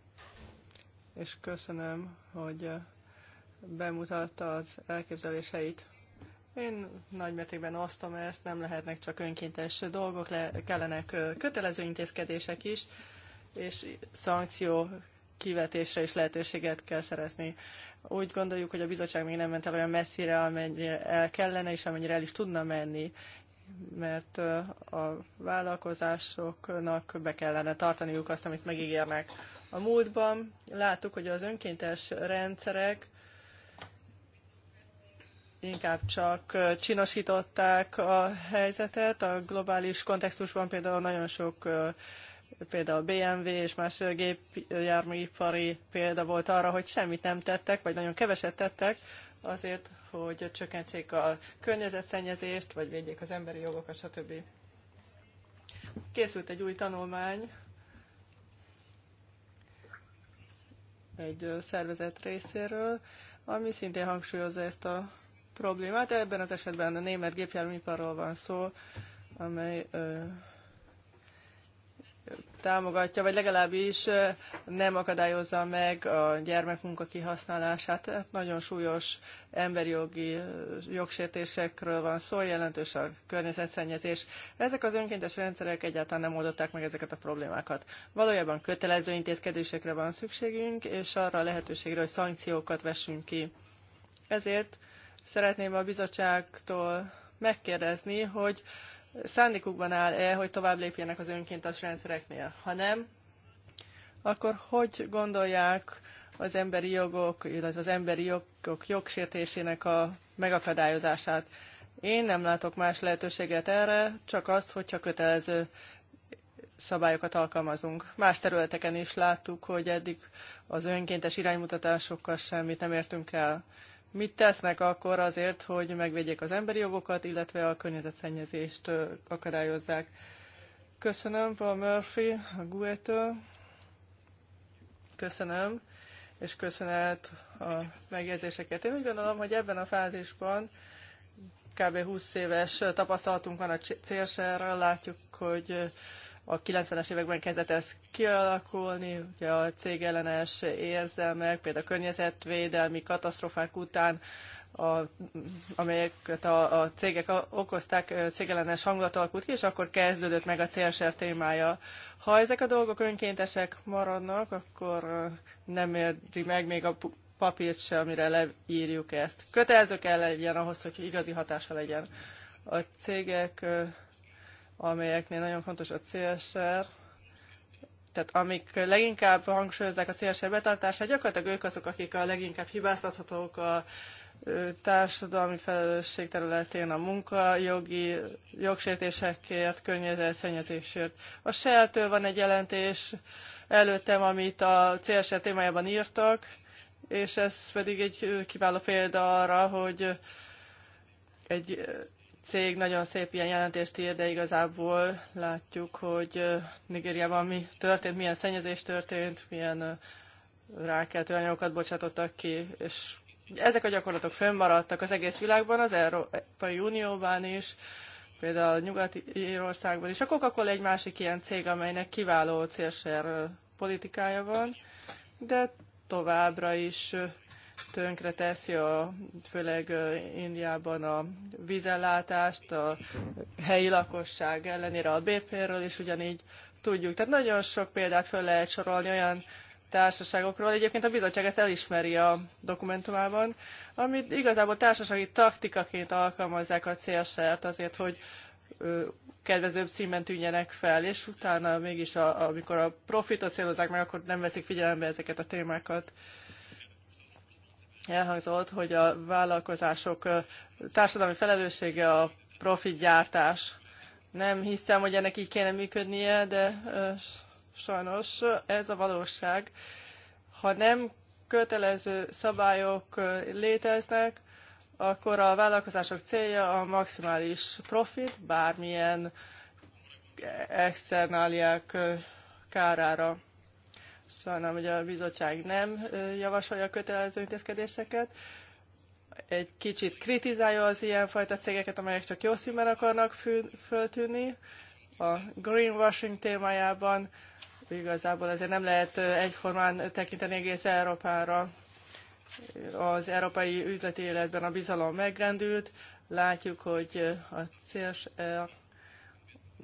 és köszönöm, hogy bemutatta az elképzeléseit. Én nagymértékben osztom ezt, nem lehetnek csak önkéntes dolgok, le, kellenek kötelező intézkedések is, és szankció kivetésre is lehetőséget kell szerezni. Úgy gondoljuk, hogy a bizottság még nem ment el olyan messzire, amennyire el kellene, és amennyire el is tudna menni, mert a vállalkozásoknak be kellene tartaniuk azt, amit megígérnek. A múltban láttuk, hogy az önkéntes rendszerek inkább csak csinosították a helyzetet. A globális kontextusban például nagyon sok például BMW és más gépjárműipari példa volt arra, hogy semmit nem tettek, vagy nagyon keveset tettek azért, hogy csökkentsék a környezetszennyezést, vagy védjék az emberi jogokat, stb. Készült egy új tanulmány egy szervezet részéről, ami szintén hangsúlyozza ezt a problémát. Ebben az esetben a német gépjárműiparról van szó, amely ö, támogatja, vagy legalábbis nem akadályozza meg a gyermekmunka kihasználását. Tehát nagyon súlyos emberi jogi jogsértésekről van szó, jelentős a környezetszennyezés. Ezek az önkéntes rendszerek egyáltalán nem oldották meg ezeket a problémákat. Valójában kötelező intézkedésekre van szükségünk, és arra a lehetőségre, hogy szankciókat vessünk ki. Ezért Szeretném a bizottságtól megkérdezni, hogy szándékukban áll-e, hogy tovább lépjenek az önkéntes rendszereknél. Ha nem, akkor hogy gondolják az emberi jogok, illetve az emberi jogok jogsértésének a megakadályozását? Én nem látok más lehetőséget erre, csak azt, hogyha kötelező szabályokat alkalmazunk. Más területeken is láttuk, hogy eddig az önkéntes iránymutatásokkal semmit nem értünk el mit tesznek akkor azért, hogy megvédjék az emberi jogokat, illetve a környezetszennyezést akadályozzák. Köszönöm Paul Murphy, a gue -től. Köszönöm, és köszönet a megjegyzéseket. Én úgy gondolom, hogy ebben a fázisban kb. 20 éves tapasztalatunk van a csr látjuk, hogy a 90-es években kezdett ez kialakulni, ugye a cégellenes érzelmek, például a környezetvédelmi katasztrofák után, a, amelyeket a, a cégek okozták, cégellenes hangulat alakult ki, és akkor kezdődött meg a CSR témája. Ha ezek a dolgok önkéntesek maradnak, akkor nem érdi meg még a papírt se, amire leírjuk ezt. Kötelező kell legyen ahhoz, hogy igazi hatása legyen. A cégek amelyeknél nagyon fontos a CSR, tehát amik leginkább hangsúlyozzák a CSR betartását, gyakorlatilag ők azok, akik a leginkább hibáztathatók a társadalmi felelősség területén a munkajogi jogsértésekért, környezetszennyezésért. A shell van egy jelentés előttem, amit a CSR témájában írtak, és ez pedig egy kiváló példa arra, hogy egy cég nagyon szép ilyen jelentést ír, de igazából látjuk, hogy Nigériában mi történt, milyen szennyezés történt, milyen rákeltő anyagokat bocsátottak ki, és ezek a gyakorlatok fönnmaradtak az egész világban, az Európai Unióban is, például Nyugat-Írországban is. A coca egy másik ilyen cég, amelynek kiváló célsér politikája van, de továbbra is tönkre teszi a, főleg Indiában a vízellátást, a helyi lakosság ellenére a BP-ről is ugyanígy tudjuk. Tehát nagyon sok példát föl lehet sorolni olyan társaságokról. Egyébként a bizottság ezt elismeri a dokumentumában, amit igazából társasági taktikaként alkalmazzák a célsert azért, hogy kedvezőbb színben tűnjenek fel, és utána mégis, a, amikor a profitot célozzák meg, akkor nem veszik figyelembe ezeket a témákat elhangzott, hogy a vállalkozások társadalmi felelőssége a profitgyártás. Nem hiszem, hogy ennek így kéne működnie, de sajnos ez a valóság. Ha nem kötelező szabályok léteznek, akkor a vállalkozások célja a maximális profit, bármilyen externáliák kárára. Sajnálom, hogy a bizottság nem javasolja a kötelező intézkedéseket. Egy kicsit kritizálja az ilyenfajta cégeket, amelyek csak jó színben akarnak föltűnni. A greenwashing témájában igazából ezért nem lehet egyformán tekinteni egész Európára. Az európai üzleti életben a bizalom megrendült. Látjuk, hogy a CSE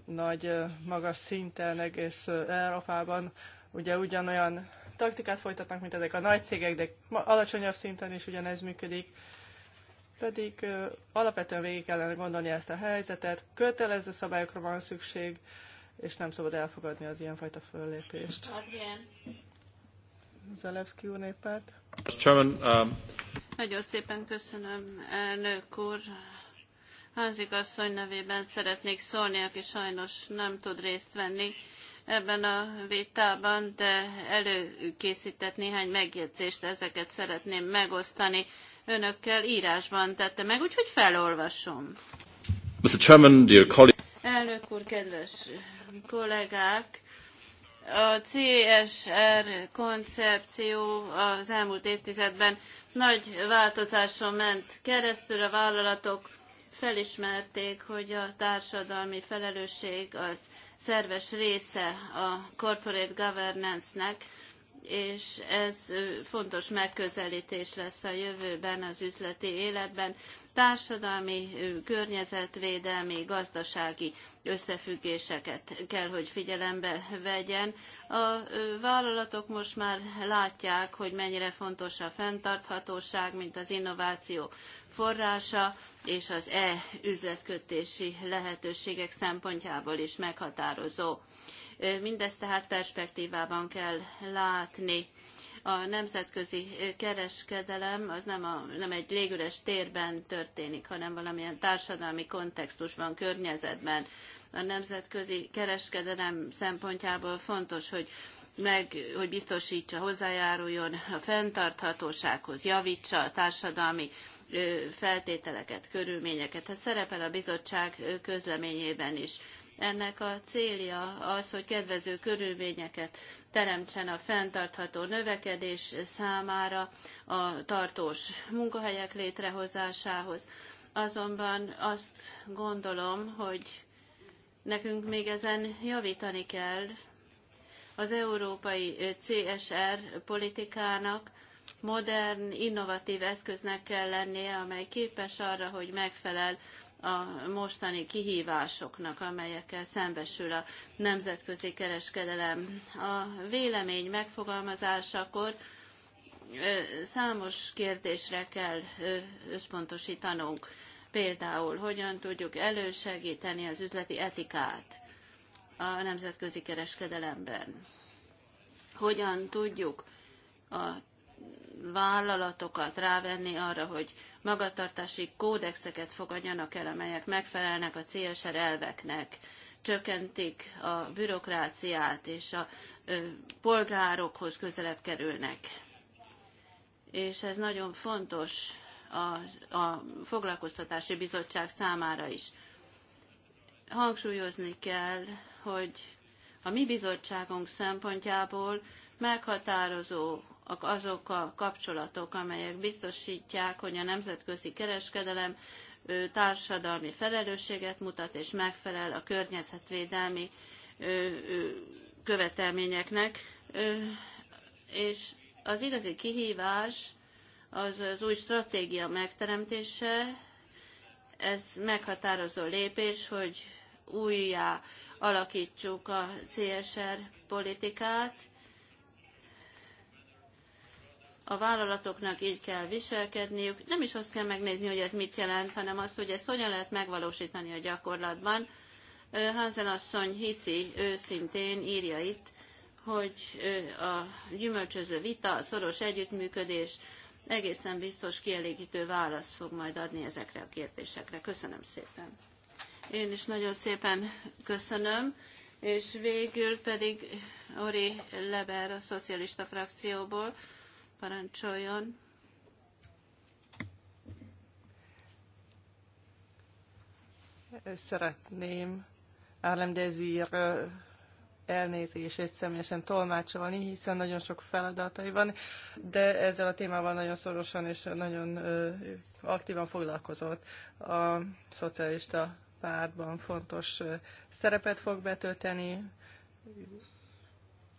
nagy magas szinten egész Európában Ugye ugyanolyan taktikát folytatnak, mint ezek a nagy cégek, de alacsonyabb szinten is ugyanez működik. Pedig ö, alapvetően végig kellene gondolni ezt a helyzetet, kötelező szabályokra van szükség, és nem szabad elfogadni az ilyenfajta föllépést. Zalewski úr néppárt. Chairman, um... Nagyon szépen köszönöm, elnök úr. Házigasszony nevében szeretnék szólni, aki sajnos nem tud részt venni ebben a vitában, de előkészített néhány megjegyzést, ezeket szeretném megosztani önökkel írásban tette meg, úgyhogy felolvasom. Mr. Chairman, dear Elnök úr, kedves kollégák! A CSR koncepció az elmúlt évtizedben nagy változáson ment keresztül a vállalatok felismerték, hogy a társadalmi felelősség az szerves része a corporate governance-nek, és ez fontos megközelítés lesz a jövőben az üzleti életben, társadalmi, környezetvédelmi, gazdasági összefüggéseket kell, hogy figyelembe vegyen. A vállalatok most már látják, hogy mennyire fontos a fenntarthatóság, mint az innováció forrása, és az e-üzletkötési lehetőségek szempontjából is meghatározó. Mindezt tehát perspektívában kell látni a nemzetközi eh, kereskedelem az nem, a, nem egy légüres térben történik, hanem valamilyen társadalmi kontextusban, környezetben. A nemzetközi kereskedelem szempontjából fontos, hogy meg, hogy biztosítsa, hozzájáruljon a fenntarthatósághoz, javítsa a társadalmi eh, feltételeket, körülményeket. Ez szerepel a bizottság eh, közleményében is ennek a célja az, hogy kedvező körülményeket teremtsen a fenntartható növekedés számára a tartós munkahelyek létrehozásához. Azonban azt gondolom, hogy nekünk még ezen javítani kell. Az európai CSR politikának modern, innovatív eszköznek kell lennie, amely képes arra, hogy megfelel a mostani kihívásoknak, amelyekkel szembesül a nemzetközi kereskedelem. A vélemény megfogalmazásakor számos kérdésre kell összpontosítanunk. Például, hogyan tudjuk elősegíteni az üzleti etikát a nemzetközi kereskedelemben? Hogyan tudjuk a vállalatokat rávenni arra, hogy magatartási kódexeket fogadjanak el, amelyek megfelelnek a CSR elveknek, csökkentik a bürokráciát, és a polgárokhoz közelebb kerülnek. És ez nagyon fontos a, a foglalkoztatási bizottság számára is. Hangsúlyozni kell, hogy a mi bizottságunk szempontjából meghatározó azok a kapcsolatok, amelyek biztosítják, hogy a nemzetközi kereskedelem társadalmi felelősséget mutat és megfelel a környezetvédelmi követelményeknek. És az igazi kihívás az az új stratégia megteremtése, ez meghatározó lépés, hogy újjá alakítsuk a CSR politikát, a vállalatoknak így kell viselkedniük. Nem is azt kell megnézni, hogy ez mit jelent, hanem azt, hogy ezt hogyan lehet megvalósítani a gyakorlatban. Hansen asszony hiszi őszintén, írja itt, hogy a gyümölcsöző vita, a szoros együttműködés egészen biztos kielégítő választ fog majd adni ezekre a kérdésekre. Köszönöm szépen. Én is nagyon szépen köszönöm, és végül pedig Ori Leber a szocialista frakcióból. Parancsoljon. Szeretném Árlem Dezir elnézését személyesen tolmácsolni, hiszen nagyon sok feladatai van, de ezzel a témával nagyon szorosan és nagyon aktívan foglalkozott a szocialista pártban fontos szerepet fog betölteni,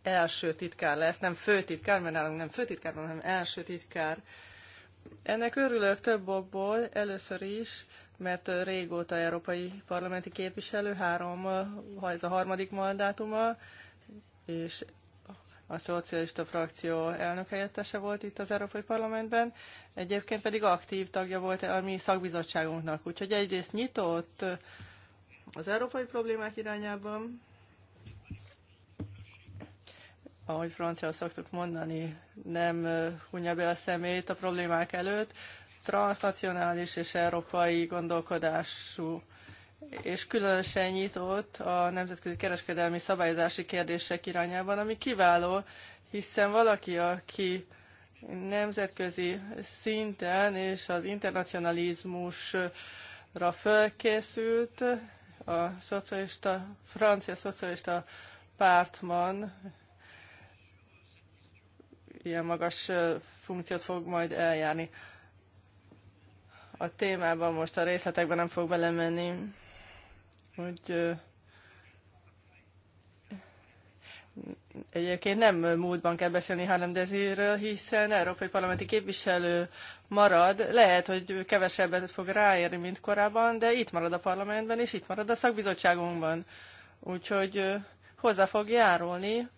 első titkár lesz, nem főtitkár, mert nálunk nem főtitkár hanem első titkár. Ennek örülök több okból, először is, mert régóta európai parlamenti képviselő, három, ha ez a harmadik mandátuma, és a szocialista frakció elnökhelyettese volt itt az Európai Parlamentben, egyébként pedig aktív tagja volt a mi szakbizottságunknak. Úgyhogy egyrészt nyitott az európai problémák irányában, ahogy francia szoktuk mondani, nem hunja be a szemét a problémák előtt, transnacionális és európai gondolkodású, és különösen nyitott a nemzetközi kereskedelmi szabályozási kérdések irányában, ami kiváló, hiszen valaki, aki nemzetközi szinten és az internacionalizmusra fölkészült, a szocialista, francia szocialista pártman ilyen magas funkciót fog majd eljárni. A témában most a részletekben nem fog belemenni, hogy Egyébként nem múltban kell beszélni hanem Dezirről, hiszen európai parlamenti képviselő marad, lehet, hogy kevesebbet fog ráérni, mint korábban, de itt marad a parlamentben, és itt marad a szakbizottságunkban. Úgyhogy hozzá fog járulni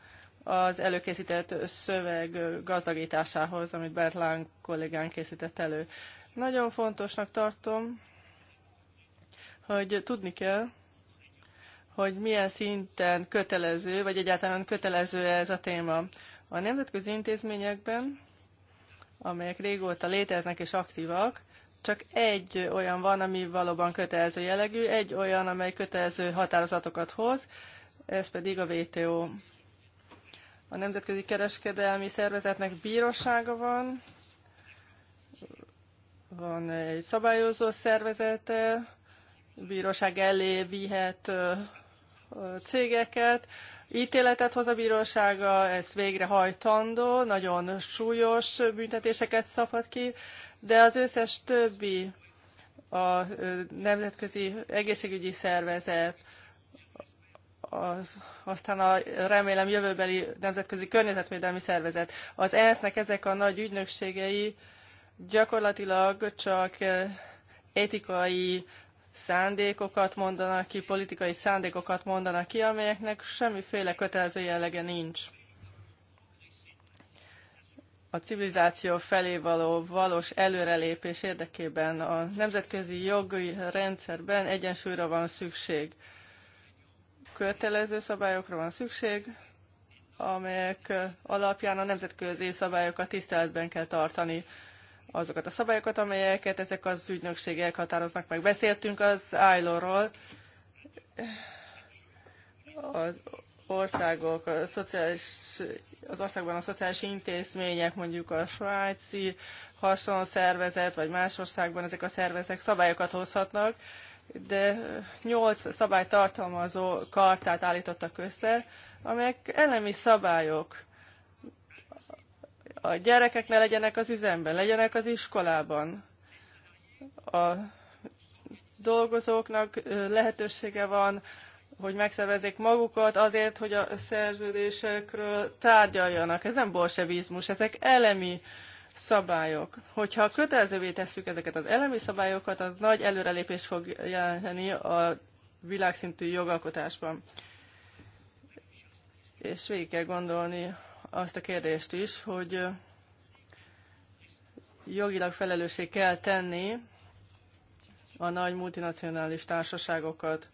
az előkészített szöveg gazdagításához, amit Bertlán kollégán készített elő. Nagyon fontosnak tartom, hogy tudni kell, hogy milyen szinten kötelező, vagy egyáltalán kötelező ez a téma. A nemzetközi intézményekben, amelyek régóta léteznek és aktívak, csak egy olyan van, ami valóban kötelező jellegű, egy olyan, amely kötelező határozatokat hoz, ez pedig a WTO a Nemzetközi Kereskedelmi Szervezetnek bírósága van, van egy szabályozó szervezete, bíróság elé vihet cégeket, ítéletet hoz a bírósága, ez végrehajtandó, nagyon súlyos büntetéseket szabhat ki, de az összes többi a Nemzetközi Egészségügyi Szervezet, az, aztán a remélem jövőbeli nemzetközi környezetvédelmi szervezet. Az ENSZ-nek ezek a nagy ügynökségei gyakorlatilag csak eh, etikai szándékokat mondanak ki, politikai szándékokat mondanak ki, amelyeknek semmiféle kötelező jellege nincs. A civilizáció felé való valós előrelépés érdekében a nemzetközi jogi rendszerben egyensúlyra van szükség kötelező szabályokra van szükség, amelyek alapján a nemzetközi szabályokat tiszteletben kell tartani azokat a szabályokat, amelyeket ezek az ügynökségek határoznak meg. Beszéltünk az ILO-ról, az országok, a szociális, az országban a szociális intézmények, mondjuk a svájci hasonló szervezet, vagy más országban ezek a szervezetek szabályokat hozhatnak, de nyolc szabály tartalmazó kartát állítottak össze, amelyek elemi szabályok. A gyerekek ne legyenek az üzemben, legyenek az iskolában. A dolgozóknak lehetősége van, hogy megszervezzék magukat azért, hogy a szerződésekről tárgyaljanak. Ez nem bolsevizmus, ezek elemi szabályok. Hogyha kötelezővé tesszük ezeket az elemi szabályokat, az nagy előrelépést fog jelenteni a világszintű jogalkotásban. És végig kell gondolni azt a kérdést is, hogy jogilag felelőssé kell tenni a nagy multinacionális társaságokat,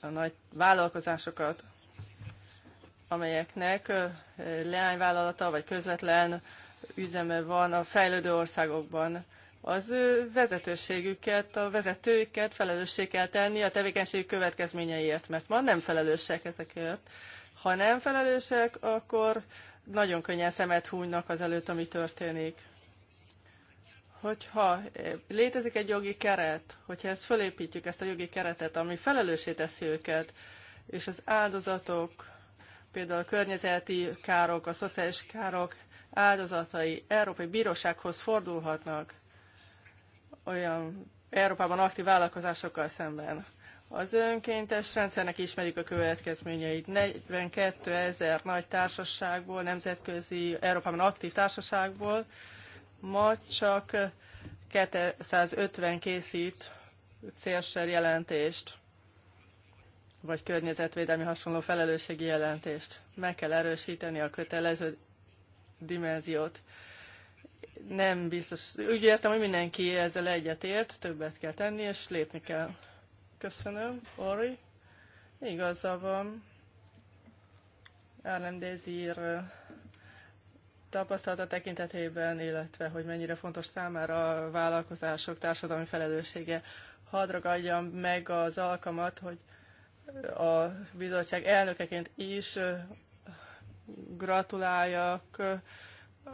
a nagy vállalkozásokat, amelyeknek leányvállalata vagy közvetlen üzeme van a fejlődő országokban. Az ő vezetőségüket, a vezetőiket felelősség kell tenni a tevékenységük következményeiért, mert ma nem felelősek ezekért. Ha nem felelősek, akkor nagyon könnyen szemet húnynak az előtt, ami történik. Hogyha létezik egy jogi keret, hogyha ezt fölépítjük, ezt a jogi keretet, ami felelőssé teszi őket, és az áldozatok, például a környezeti károk, a szociális károk áldozatai Európai Bírósághoz fordulhatnak olyan Európában aktív vállalkozásokkal szemben. Az önkéntes rendszernek ismerjük a következményeit. 42 ezer nagy társaságból, nemzetközi, Európában aktív társaságból ma csak 250 készít célszer jelentést, vagy környezetvédelmi hasonló felelősségi jelentést. Meg kell erősíteni a kötelező dimenziót. Nem biztos, úgy értem, hogy mindenki ezzel egyetért, többet kell tenni, és lépni kell. Köszönöm, Ori. Igaza van. Ellen Dezir tapasztalata tekintetében, illetve hogy mennyire fontos számára a vállalkozások társadalmi felelőssége. Hadd ragadjam meg az alkalmat, hogy a bizottság elnökeként is gratuláljak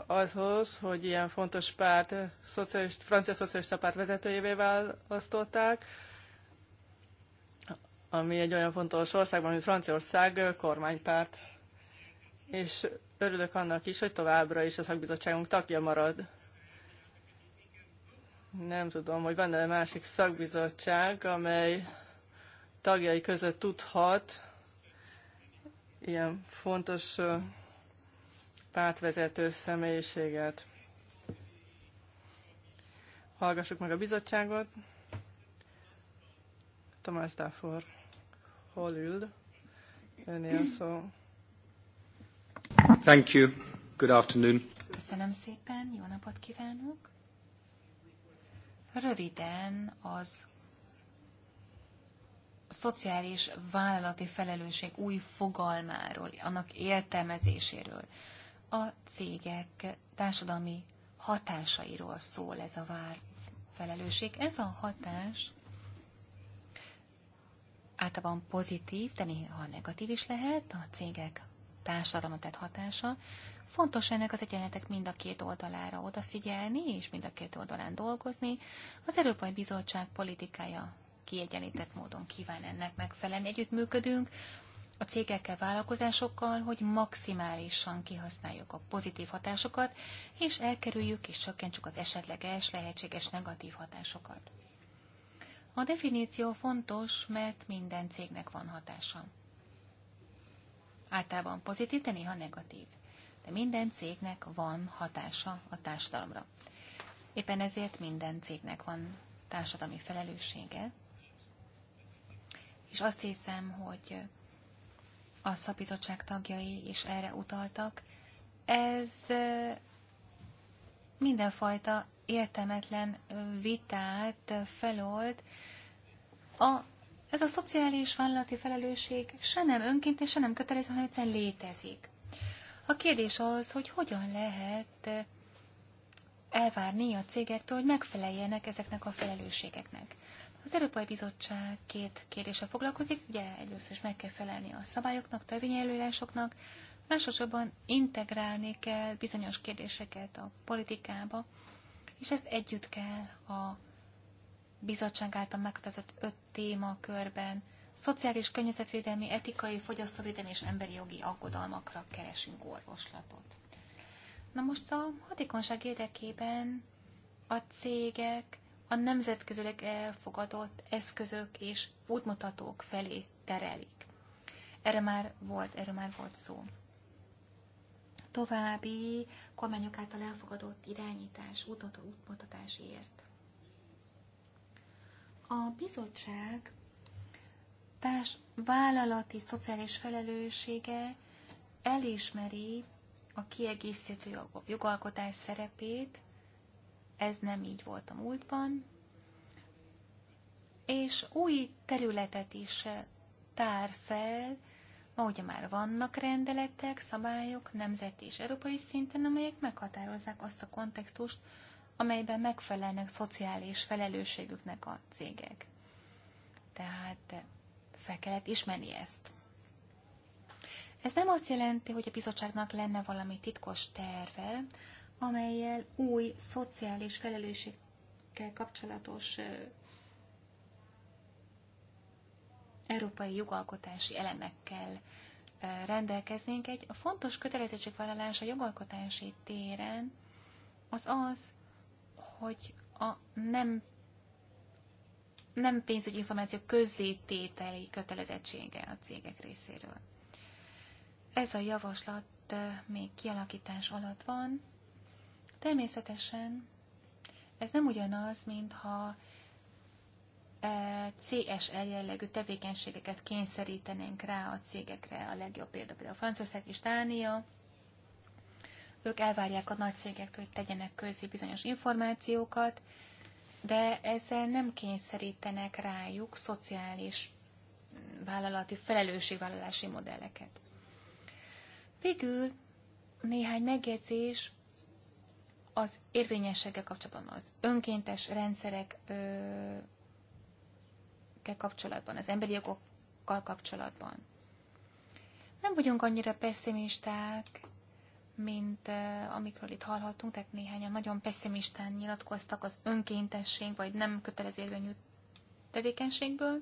azhoz, hogy ilyen fontos párt, szocialist, francia szocialista párt vezetőjévé választották, ami egy olyan fontos országban, mint Franciaország kormánypárt. És örülök annak is, hogy továbbra is a szakbizottságunk tagja marad. Nem tudom, hogy van-e másik szakbizottság, amely tagjai között tudhat ilyen fontos pártvezető személyiséget. Hallgassuk meg a bizottságot. Tomás Dáfor, hol ül? Önnél szó. Thank you. Good afternoon. Köszönöm szépen, jó napot kívánok. Röviden az szociális vállalati felelősség új fogalmáról, annak értelmezéséről, a cégek társadalmi hatásairól szól ez a vár felelősség. Ez a hatás általában pozitív, de néha negatív is lehet, a cégek társadalma tett hatása. Fontos ennek az egyenletek mind a két oldalára odafigyelni, és mind a két oldalán dolgozni. Az Európai Bizottság politikája kiegyenített módon kíván ennek megfelelni. Együttműködünk a cégekkel, vállalkozásokkal, hogy maximálisan kihasználjuk a pozitív hatásokat, és elkerüljük és csökkentsük az esetleges, lehetséges negatív hatásokat. A definíció fontos, mert minden cégnek van hatása. Általában pozitív, de néha negatív. De minden cégnek van hatása a társadalomra. Éppen ezért minden cégnek van társadalmi felelőssége, és azt hiszem, hogy a szabizottság tagjai is erre utaltak, ez mindenfajta értelmetlen vitát felold. A, ez a szociális vállalati felelősség se nem önként, se nem kötelező, hanem egyszerűen létezik. A kérdés az, hogy hogyan lehet elvárni a cégektől, hogy megfeleljenek ezeknek a felelősségeknek. Az Európai Bizottság két kérdése foglalkozik, ugye egyrészt is meg kell felelni a szabályoknak, törvényelőírásoknak, másodszorban integrálni kell bizonyos kérdéseket a politikába, és ezt együtt kell a bizottság által meghatározott öt témakörben szociális, környezetvédelmi, etikai, fogyasztóvédelmi és emberi jogi aggodalmakra keresünk orvoslatot. Na most a hatékonyság érdekében a cégek a nemzetközileg elfogadott eszközök és útmutatók felé terelik. Erre már volt, erre már volt szó. További kormányok által elfogadott irányítás, útmutató útmutatásért. A bizottság társ vállalati szociális felelőssége elismeri a kiegészítő jogalkotás szerepét, ez nem így volt a múltban. És új területet is tár fel, ma ugye már vannak rendeletek, szabályok nemzeti és európai szinten, amelyek meghatározzák azt a kontextust, amelyben megfelelnek szociális felelősségüknek a cégek. Tehát fel kellett ismerni ezt. Ez nem azt jelenti, hogy a bizottságnak lenne valami titkos terve, amelyel új szociális felelősségkel kapcsolatos európai jogalkotási elemekkel rendelkeznénk. Egy fontos kötelezettségvállalás a jogalkotási téren az az, hogy a nem, nem pénzügyi információ közzétételi kötelezettsége a cégek részéről. Ez a javaslat még kialakítás alatt van, Természetesen ez nem ugyanaz, mintha e, CSL jellegű tevékenységeket kényszerítenénk rá a cégekre. A legjobb példa például Franciaország és Dánia. Ők elvárják a nagy cégektől, hogy tegyenek közé bizonyos információkat, de ezzel nem kényszerítenek rájuk szociális vállalati felelősségvállalási modelleket. Végül néhány megjegyzés az érvényességgel kapcsolatban, az önkéntes rendszerekkel kapcsolatban, az emberi jogokkal kapcsolatban. Nem vagyunk annyira pessimisták, mint amikről itt hallhatunk, tehát néhányan nagyon pessimistán nyilatkoztak az önkéntesség, vagy nem kötelező érvényű tevékenységből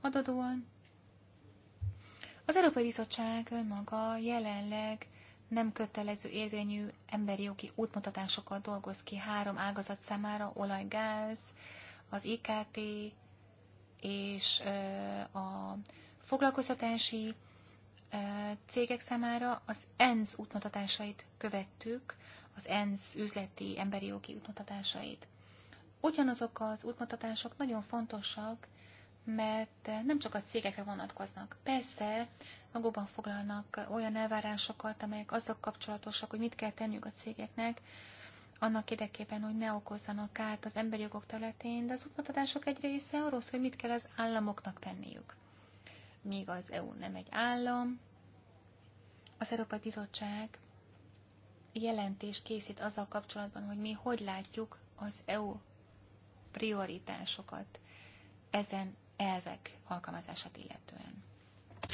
adadóan. Az Európai Bizottság önmaga jelenleg nem kötelező érvényű emberi jogi útmutatásokat dolgoz ki három ágazat számára, olaj, gáz, az IKT és a foglalkoztatási cégek számára az ENSZ útmutatásait követtük, az ENSZ üzleti emberi jogi útmutatásait. Ugyanazok az útmutatások nagyon fontosak, mert nem csak a cégekre vonatkoznak. Persze magukban foglalnak olyan elvárásokat, amelyek azzal kapcsolatosak, hogy mit kell tenniük a cégeknek, annak érdekében, hogy ne okozzanak kárt az emberi jogok területén, de az útmutatások egy része arról szól, hogy mit kell az államoknak tenniük. Míg az EU nem egy állam, az Európai Bizottság jelentést készít azzal kapcsolatban, hogy mi hogy látjuk az EU prioritásokat ezen elvek alkalmazását illetően.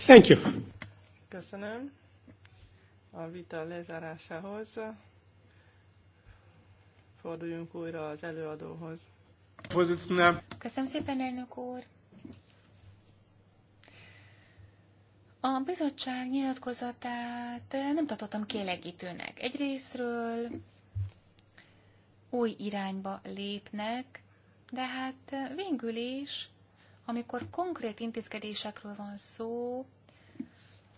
Thank you. Köszönöm. A vita lezárásához forduljunk újra az előadóhoz. Köszönöm szépen, elnök úr. A bizottság nyilatkozatát nem tartottam kielegítőnek. Egyrésztről új irányba lépnek, de hát végül is amikor konkrét intézkedésekről van szó,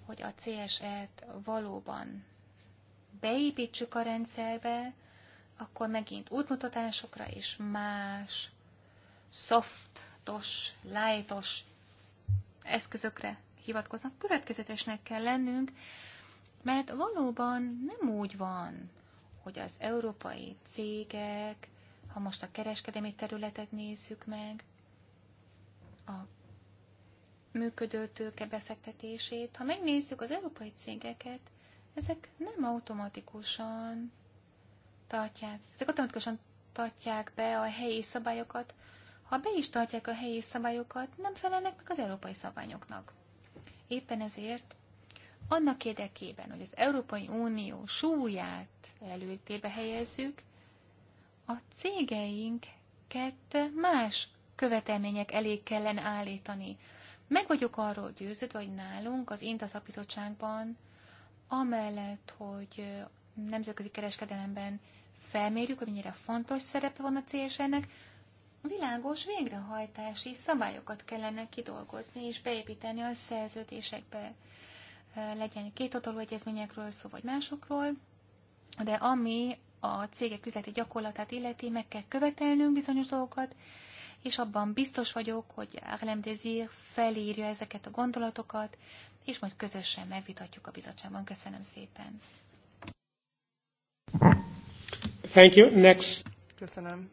hogy a CSE-t valóban beépítsük a rendszerbe, akkor megint útmutatásokra és más softos, lightos eszközökre hivatkoznak. Következetesnek kell lennünk, mert valóban nem úgy van, hogy az európai cégek, ha most a kereskedelmi területet nézzük meg, a tőke befektetését. Ha megnézzük az európai cégeket, ezek nem automatikusan tartják, ezek automatikusan tartják be a helyi szabályokat. Ha be is tartják a helyi szabályokat, nem felelnek meg az európai szabályoknak. Éppen ezért annak érdekében, hogy az Európai Unió súlyát előtérbe helyezzük, a cégeinket más követelmények elé kellene állítani. Meg vagyok arról győződve, hogy nálunk az INTA szakbizottságban, amellett, hogy nemzetközi kereskedelemben felmérjük, hogy mennyire fontos szerepe van a CSN-nek, világos végrehajtási szabályokat kellene kidolgozni és beépíteni a szerződésekbe. Legyen kétoldalú egyezményekről szó, vagy másokról, de ami a cégek üzleti gyakorlatát illeti, meg kell követelnünk bizonyos dolgokat, és abban biztos vagyok, hogy Arlem Désir felírja ezeket a gondolatokat, és majd közösen megvitatjuk a bizottságban. Köszönöm szépen. Thank you. Next. Köszönöm.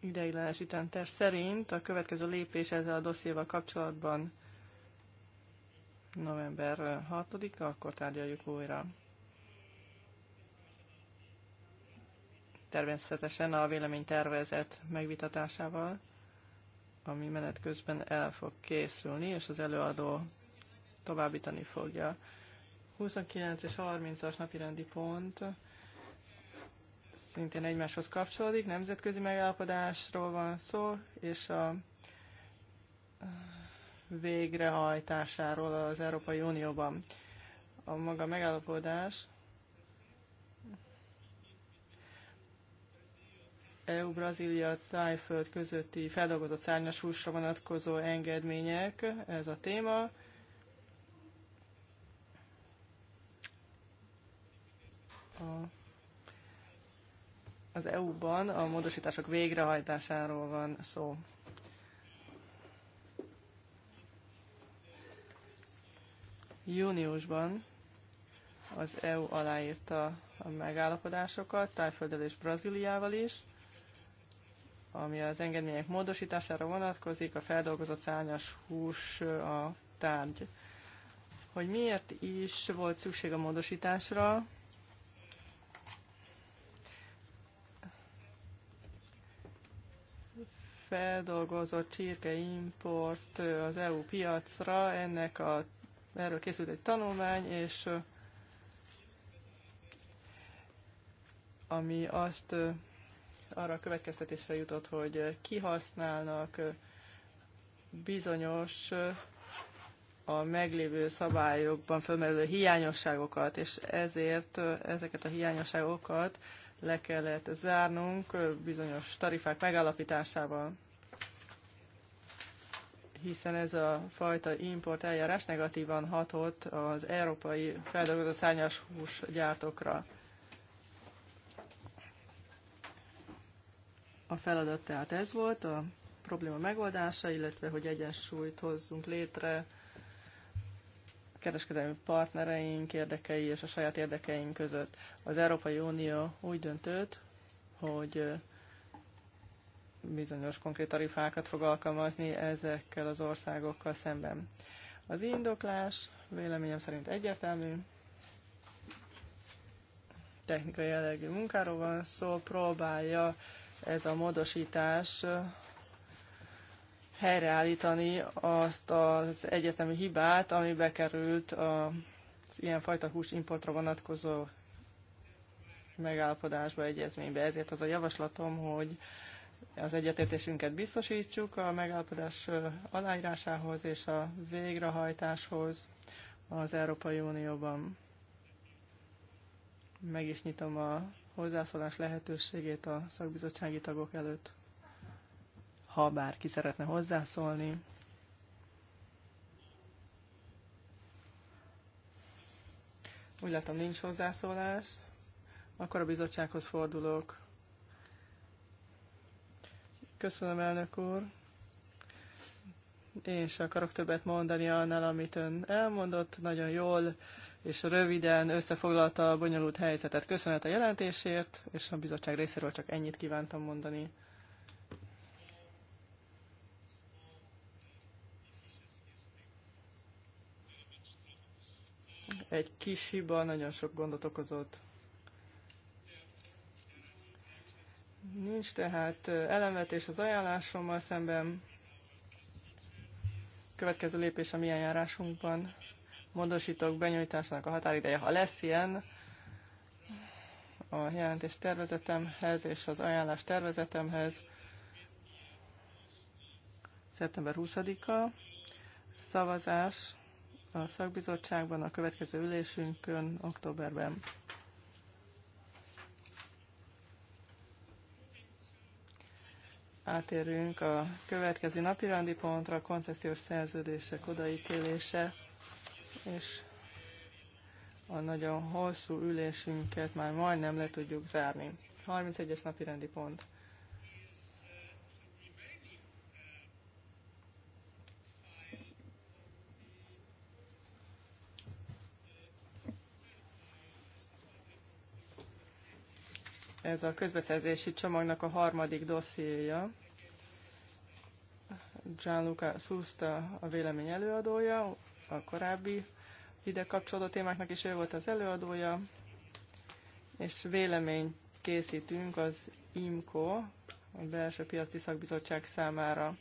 Ideiglenes ütemterv szerint a következő lépés ezzel a dossziéval kapcsolatban november 6-a, akkor tárgyaljuk újra. természetesen a véleménytervezet megvitatásával, ami menet közben el fog készülni, és az előadó továbbítani fogja. 29 és 30-as napirendi pont szintén egymáshoz kapcsolódik, nemzetközi megállapodásról van szó, és a végrehajtásáról az Európai Unióban. A maga megállapodás EU, Brazília, Tájföld közötti feldolgozott szárnyas húsra vonatkozó engedmények, ez a téma. A, az EU-ban a módosítások végrehajtásáról van szó. Júniusban az EU aláírta a megállapodásokat, Tájfölddel és Brazíliával is ami az engedmények módosítására vonatkozik, a feldolgozott szárnyas hús a tárgy. Hogy miért is volt szükség a módosításra? Feldolgozott csirke import az EU piacra, ennek a, erről készült egy tanulmány, és ami azt arra a következtetésre jutott, hogy kihasználnak bizonyos a meglévő szabályokban felmerülő hiányosságokat, és ezért ezeket a hiányosságokat le kellett zárnunk bizonyos tarifák megállapításával hiszen ez a fajta import eljárás negatívan hatott az európai feldolgozó szárnyas húsgyártókra. A feladat tehát ez volt, a probléma megoldása, illetve hogy egyensúlyt hozzunk létre a kereskedelmi partnereink érdekei és a saját érdekeink között. Az Európai Unió úgy döntött, hogy bizonyos konkrét tarifákat fog alkalmazni ezekkel az országokkal szemben. Az indoklás véleményem szerint egyértelmű, technikai jellegű munkáról van szó, próbálja ez a módosítás helyreállítani azt az egyetemi hibát, ami bekerült az ilyenfajta húsimportra vonatkozó megállapodásba, egyezménybe. Ezért az a javaslatom, hogy az egyetértésünket biztosítsuk a megállapodás aláírásához és a végrehajtáshoz az Európai Unióban. Meg is nyitom a hozzászólás lehetőségét a szakbizottsági tagok előtt. Ha bárki szeretne hozzászólni, úgy látom nincs hozzászólás, akkor a bizottsághoz fordulok. Köszönöm, elnök úr. Én sem akarok többet mondani annál, amit ön elmondott. Nagyon jól és röviden összefoglalta a bonyolult helyzetet. Köszönet a jelentésért, és a bizottság részéről csak ennyit kívántam mondani. Egy kis hiba nagyon sok gondot okozott. Nincs tehát ellenvetés az ajánlásommal szemben. Következő lépés a mi eljárásunkban módosítók benyújtásának a határideje, ha lesz ilyen, a jelentés tervezetemhez és az ajánlás tervezetemhez szeptember 20-a. Szavazás a szakbizottságban a következő ülésünkön októberben. Átérünk a következő napirendi pontra, a koncesziós szerződések odaítélése és a nagyon hosszú ülésünket már majdnem le tudjuk zárni. 31-es napi rendi pont. Ez a közbeszerzési csomagnak a harmadik dossziéja. Gianluca Susta a vélemény előadója, a korábbi ide kapcsolódó témáknak is ő volt az előadója, és véleményt készítünk az IMCO, a Belső Piaci Szakbizottság számára,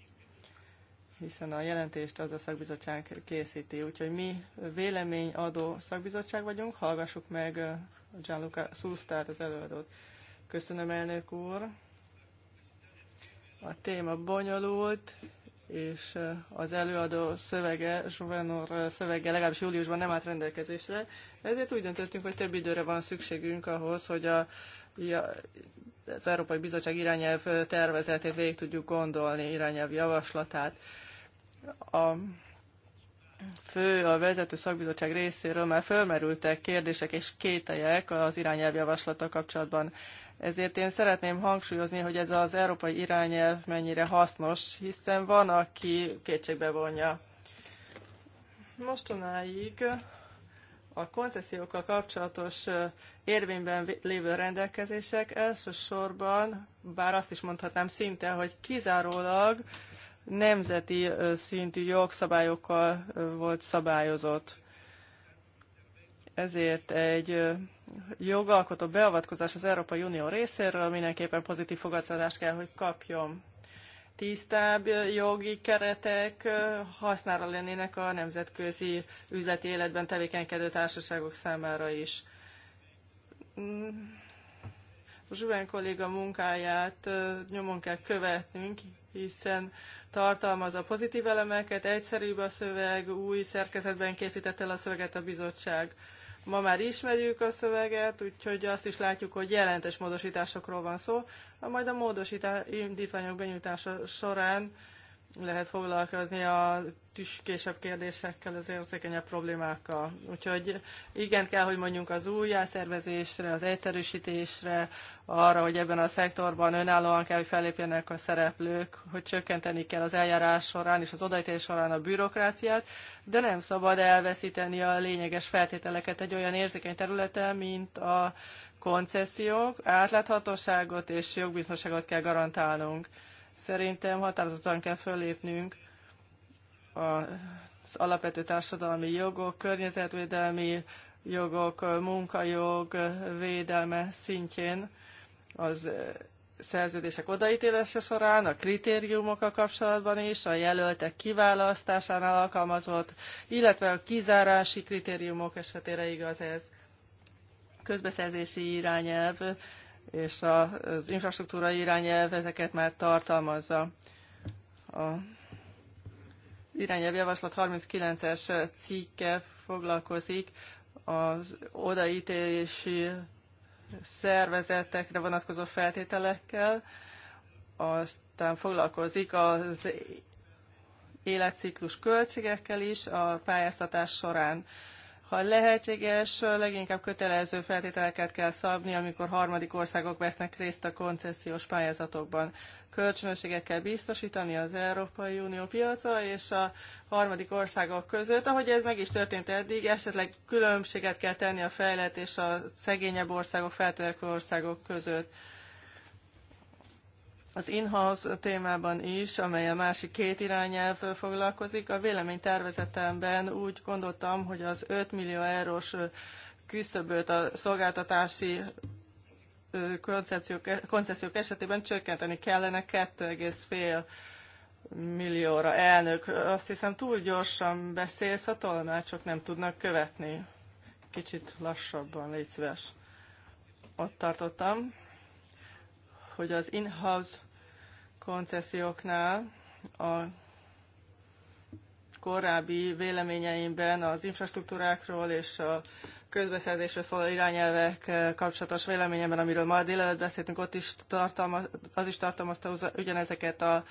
hiszen a jelentést az a szakbizottság készíti. Úgyhogy mi véleményadó szakbizottság vagyunk, hallgassuk meg uh, Gianluca Sustát, az előadót. Köszönöm, elnök úr! A téma bonyolult, és az előadó szövege, Zsuvenor szövege legalábbis júliusban nem állt rendelkezésre, ezért úgy döntöttünk, hogy több időre van szükségünk ahhoz, hogy a, az Európai Bizottság irányelv tervezetét végig tudjuk gondolni, irányelv javaslatát. A fő, a vezető szakbizottság részéről már felmerültek kérdések és kételjek az javaslata kapcsolatban. Ezért én szeretném hangsúlyozni, hogy ez az európai irányelv mennyire hasznos, hiszen van, aki kétségbe vonja. Mostanáig a koncesziókkal kapcsolatos érvényben lévő rendelkezések elsősorban, bár azt is mondhatnám szinte, hogy kizárólag nemzeti szintű jogszabályokkal volt szabályozott. Ezért egy jogalkotó beavatkozás az Európai Unió részéről mindenképpen pozitív fogadtatást kell, hogy kapjon. Tisztább jogi keretek hasznára lennének a nemzetközi üzleti életben tevékenykedő társaságok számára is. Mm, Zsuven kolléga munkáját nyomon kell követnünk, hiszen tartalmazza pozitív elemeket, egyszerűbb a szöveg, új szerkezetben készített el a szöveget a bizottság. Ma már ismerjük a szöveget, úgyhogy azt is látjuk, hogy jelentős módosításokról van szó. Majd a módosítás indítványok benyújtása során lehet foglalkozni a tüskésebb kérdésekkel, az érzékenyebb problémákkal. Úgyhogy igen kell, hogy mondjunk az újjászervezésre, az egyszerűsítésre, arra, hogy ebben a szektorban önállóan kell, hogy felépjenek a szereplők, hogy csökkenteni kell az eljárás során és az odaítés során a bürokráciát, de nem szabad elveszíteni a lényeges feltételeket egy olyan érzékeny területen, mint a koncesziók, átláthatóságot és jogbiztonságot kell garantálnunk Szerintem határozottan kell fölépnünk az alapvető társadalmi jogok, környezetvédelmi jogok, munkajog védelme szintjén az szerződések odaítélése során, a kritériumokkal kapcsolatban is, a jelöltek kiválasztásánál alkalmazott, illetve a kizárási kritériumok esetére igaz ez. Közbeszerzési irányelv és az infrastruktúra irányelv ezeket már tartalmazza. A javaslat 39-es cikke foglalkozik az odaítélési szervezetekre vonatkozó feltételekkel, aztán foglalkozik az életciklus költségekkel is a pályáztatás során. Ha lehetséges, leginkább kötelező feltételeket kell szabni, amikor harmadik országok vesznek részt a koncesziós pályázatokban. Kölcsönösséget kell biztosítani az Európai Unió piaca és a harmadik országok között. Ahogy ez meg is történt eddig, esetleg különbséget kell tenni a fejlett és a szegényebb országok, feltörekvő országok között az in-house témában is, amely a másik két irányelv foglalkozik, a véleménytervezetemben úgy gondoltam, hogy az 5 millió eurós küszöböt a szolgáltatási koncepciók, koncesziók esetében csökkenteni kellene 2,5 millióra. Elnök, azt hiszem túl gyorsan beszélsz, a tolmácsok nem tudnak követni. Kicsit lassabban, légy szíves. Ott tartottam hogy az in-house koncesszióknál a korábbi véleményeimben az infrastruktúrákról és a közbeszerzésről szóló irányelvek kapcsolatos véleményemben, amiről ma délelőtt beszéltünk, ott is tartalmaz, az is tartalmazta ugyanezeket a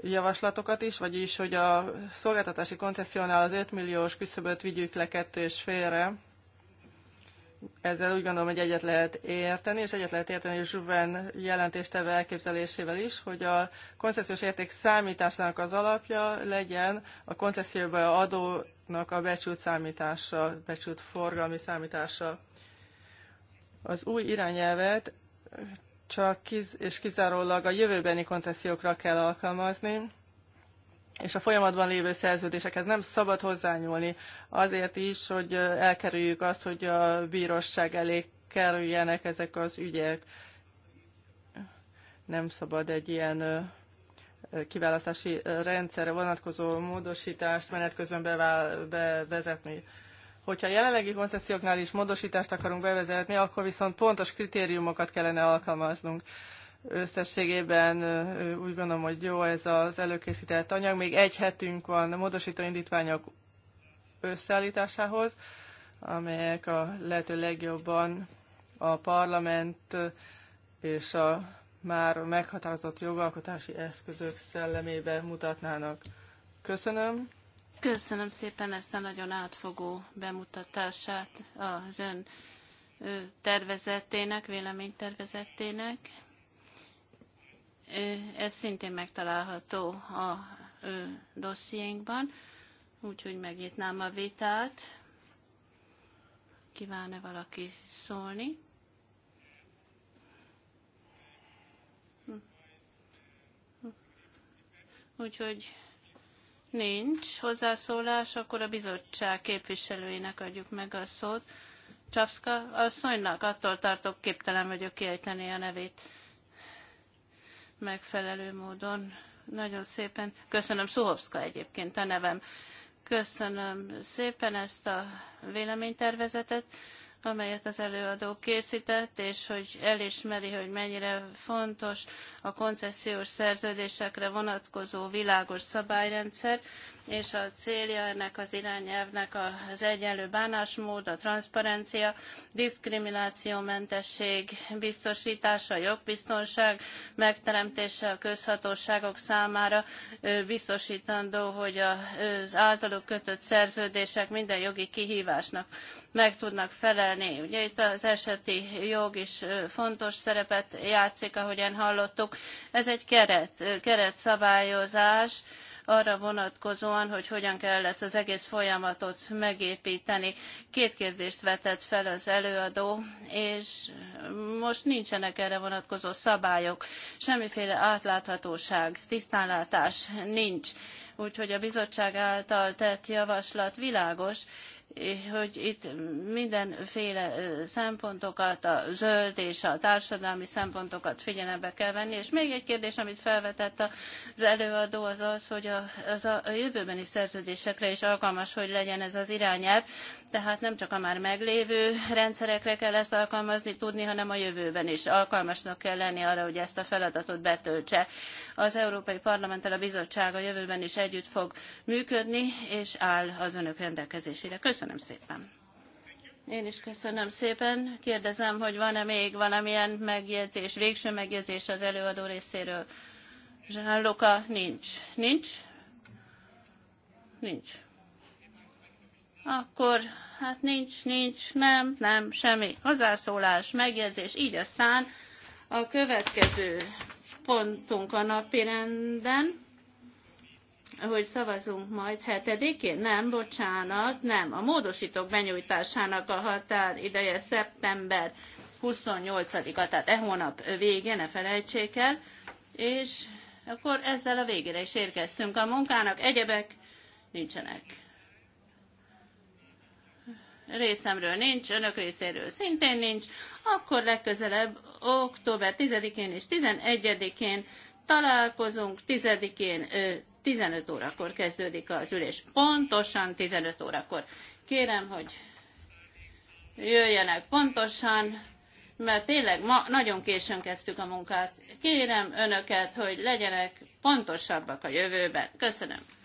javaslatokat is, vagyis, hogy a szolgáltatási koncesziónál az 5 milliós küszöböt vigyük le kettő és félre, ezzel úgy gondolom, hogy egyet lehet érteni, és egyet lehet érteni Zsuven jelentésteve elképzelésével is, hogy a koncesziós érték számításának az alapja legyen a koncesszióba adónak a becsült számítása, becsült forgalmi számítása. Az új irányelvet csak kiz- és kizárólag a jövőbeni koncesziókra kell alkalmazni, és a folyamatban lévő szerződésekhez nem szabad hozzányúlni. Azért is, hogy elkerüljük azt, hogy a bíróság elé kerüljenek ezek az ügyek. Nem szabad egy ilyen kiválasztási rendszerre vonatkozó módosítást menet közben bevezetni. Hogyha jelenlegi koncesszióknál is módosítást akarunk bevezetni, akkor viszont pontos kritériumokat kellene alkalmaznunk összességében úgy gondolom, hogy jó ez az előkészített anyag. Még egy hetünk van a módosító indítványok összeállításához, amelyek a lehető legjobban a parlament és a már meghatározott jogalkotási eszközök szellemébe mutatnának. Köszönöm. Köszönöm szépen ezt a nagyon átfogó bemutatását az ön tervezettének, véleménytervezettének. Ez szintén megtalálható a dossziénkban, úgyhogy megnyitnám a vitát. Kíván-e valaki szólni? Úgyhogy nincs hozzászólás, akkor a bizottság képviselőinek adjuk meg a szót. Csapszka asszonynak, attól tartok, képtelen vagyok kiejteni a nevét megfelelő módon. Nagyon szépen köszönöm, Szuhovszka egyébként a nevem. Köszönöm szépen ezt a véleménytervezetet, amelyet az előadó készített, és hogy elismeri, hogy mennyire fontos a koncesziós szerződésekre vonatkozó világos szabályrendszer, és a célja ennek az irányelvnek az egyenlő bánásmód, a transzparencia, diszkriminációmentesség biztosítása, jogbiztonság megteremtése a közhatóságok számára biztosítandó, hogy az általuk kötött szerződések minden jogi kihívásnak meg tudnak felelni. Ugye itt az eseti jog is fontos szerepet játszik, ahogyan hallottuk. Ez egy keret, keretszabályozás, szabályozás, arra vonatkozóan, hogy hogyan kell ezt az egész folyamatot megépíteni. Két kérdést vetett fel az előadó, és most nincsenek erre vonatkozó szabályok, semmiféle átláthatóság, tisztánlátás nincs úgyhogy a bizottság által tett javaslat világos, Eh, hogy itt mindenféle eh, szempontokat, a zöld és a társadalmi szempontokat figyelembe kell venni. És még egy kérdés, amit felvetett az előadó, az az, hogy a, az a jövőbeni szerződésekre is alkalmas, hogy legyen ez az irányelv. Tehát nem csak a már meglévő rendszerekre kell ezt alkalmazni tudni, hanem a jövőben is alkalmasnak kell lenni arra, hogy ezt a feladatot betöltse. Az Európai Parlamenttel a bizottság a jövőben is együtt fog működni, és áll az önök rendelkezésére. Köszönöm. Köszönöm szépen. Én is köszönöm szépen. Kérdezem, hogy van-e még valamilyen megjegyzés, végső megjegyzés az előadó részéről. Zsálloka nincs. Nincs? Nincs. Akkor hát nincs, nincs, nem, nem, semmi. Hozzászólás, megjegyzés, így aztán a következő pontunk a napirenden hogy szavazunk majd hetedikén? Nem, bocsánat, nem. A módosítók benyújtásának a határideje szeptember 28-a, tehát e hónap vége, ne felejtsék el. És akkor ezzel a végére is érkeztünk. A munkának egyebek nincsenek. Részemről nincs, önök részéről szintén nincs. Akkor legközelebb október 10-én és 11-én találkozunk, 10-én 15 órakor kezdődik az ülés. Pontosan 15 órakor. Kérem, hogy jöjjenek pontosan, mert tényleg ma nagyon későn kezdtük a munkát. Kérem önöket, hogy legyenek pontosabbak a jövőben. Köszönöm.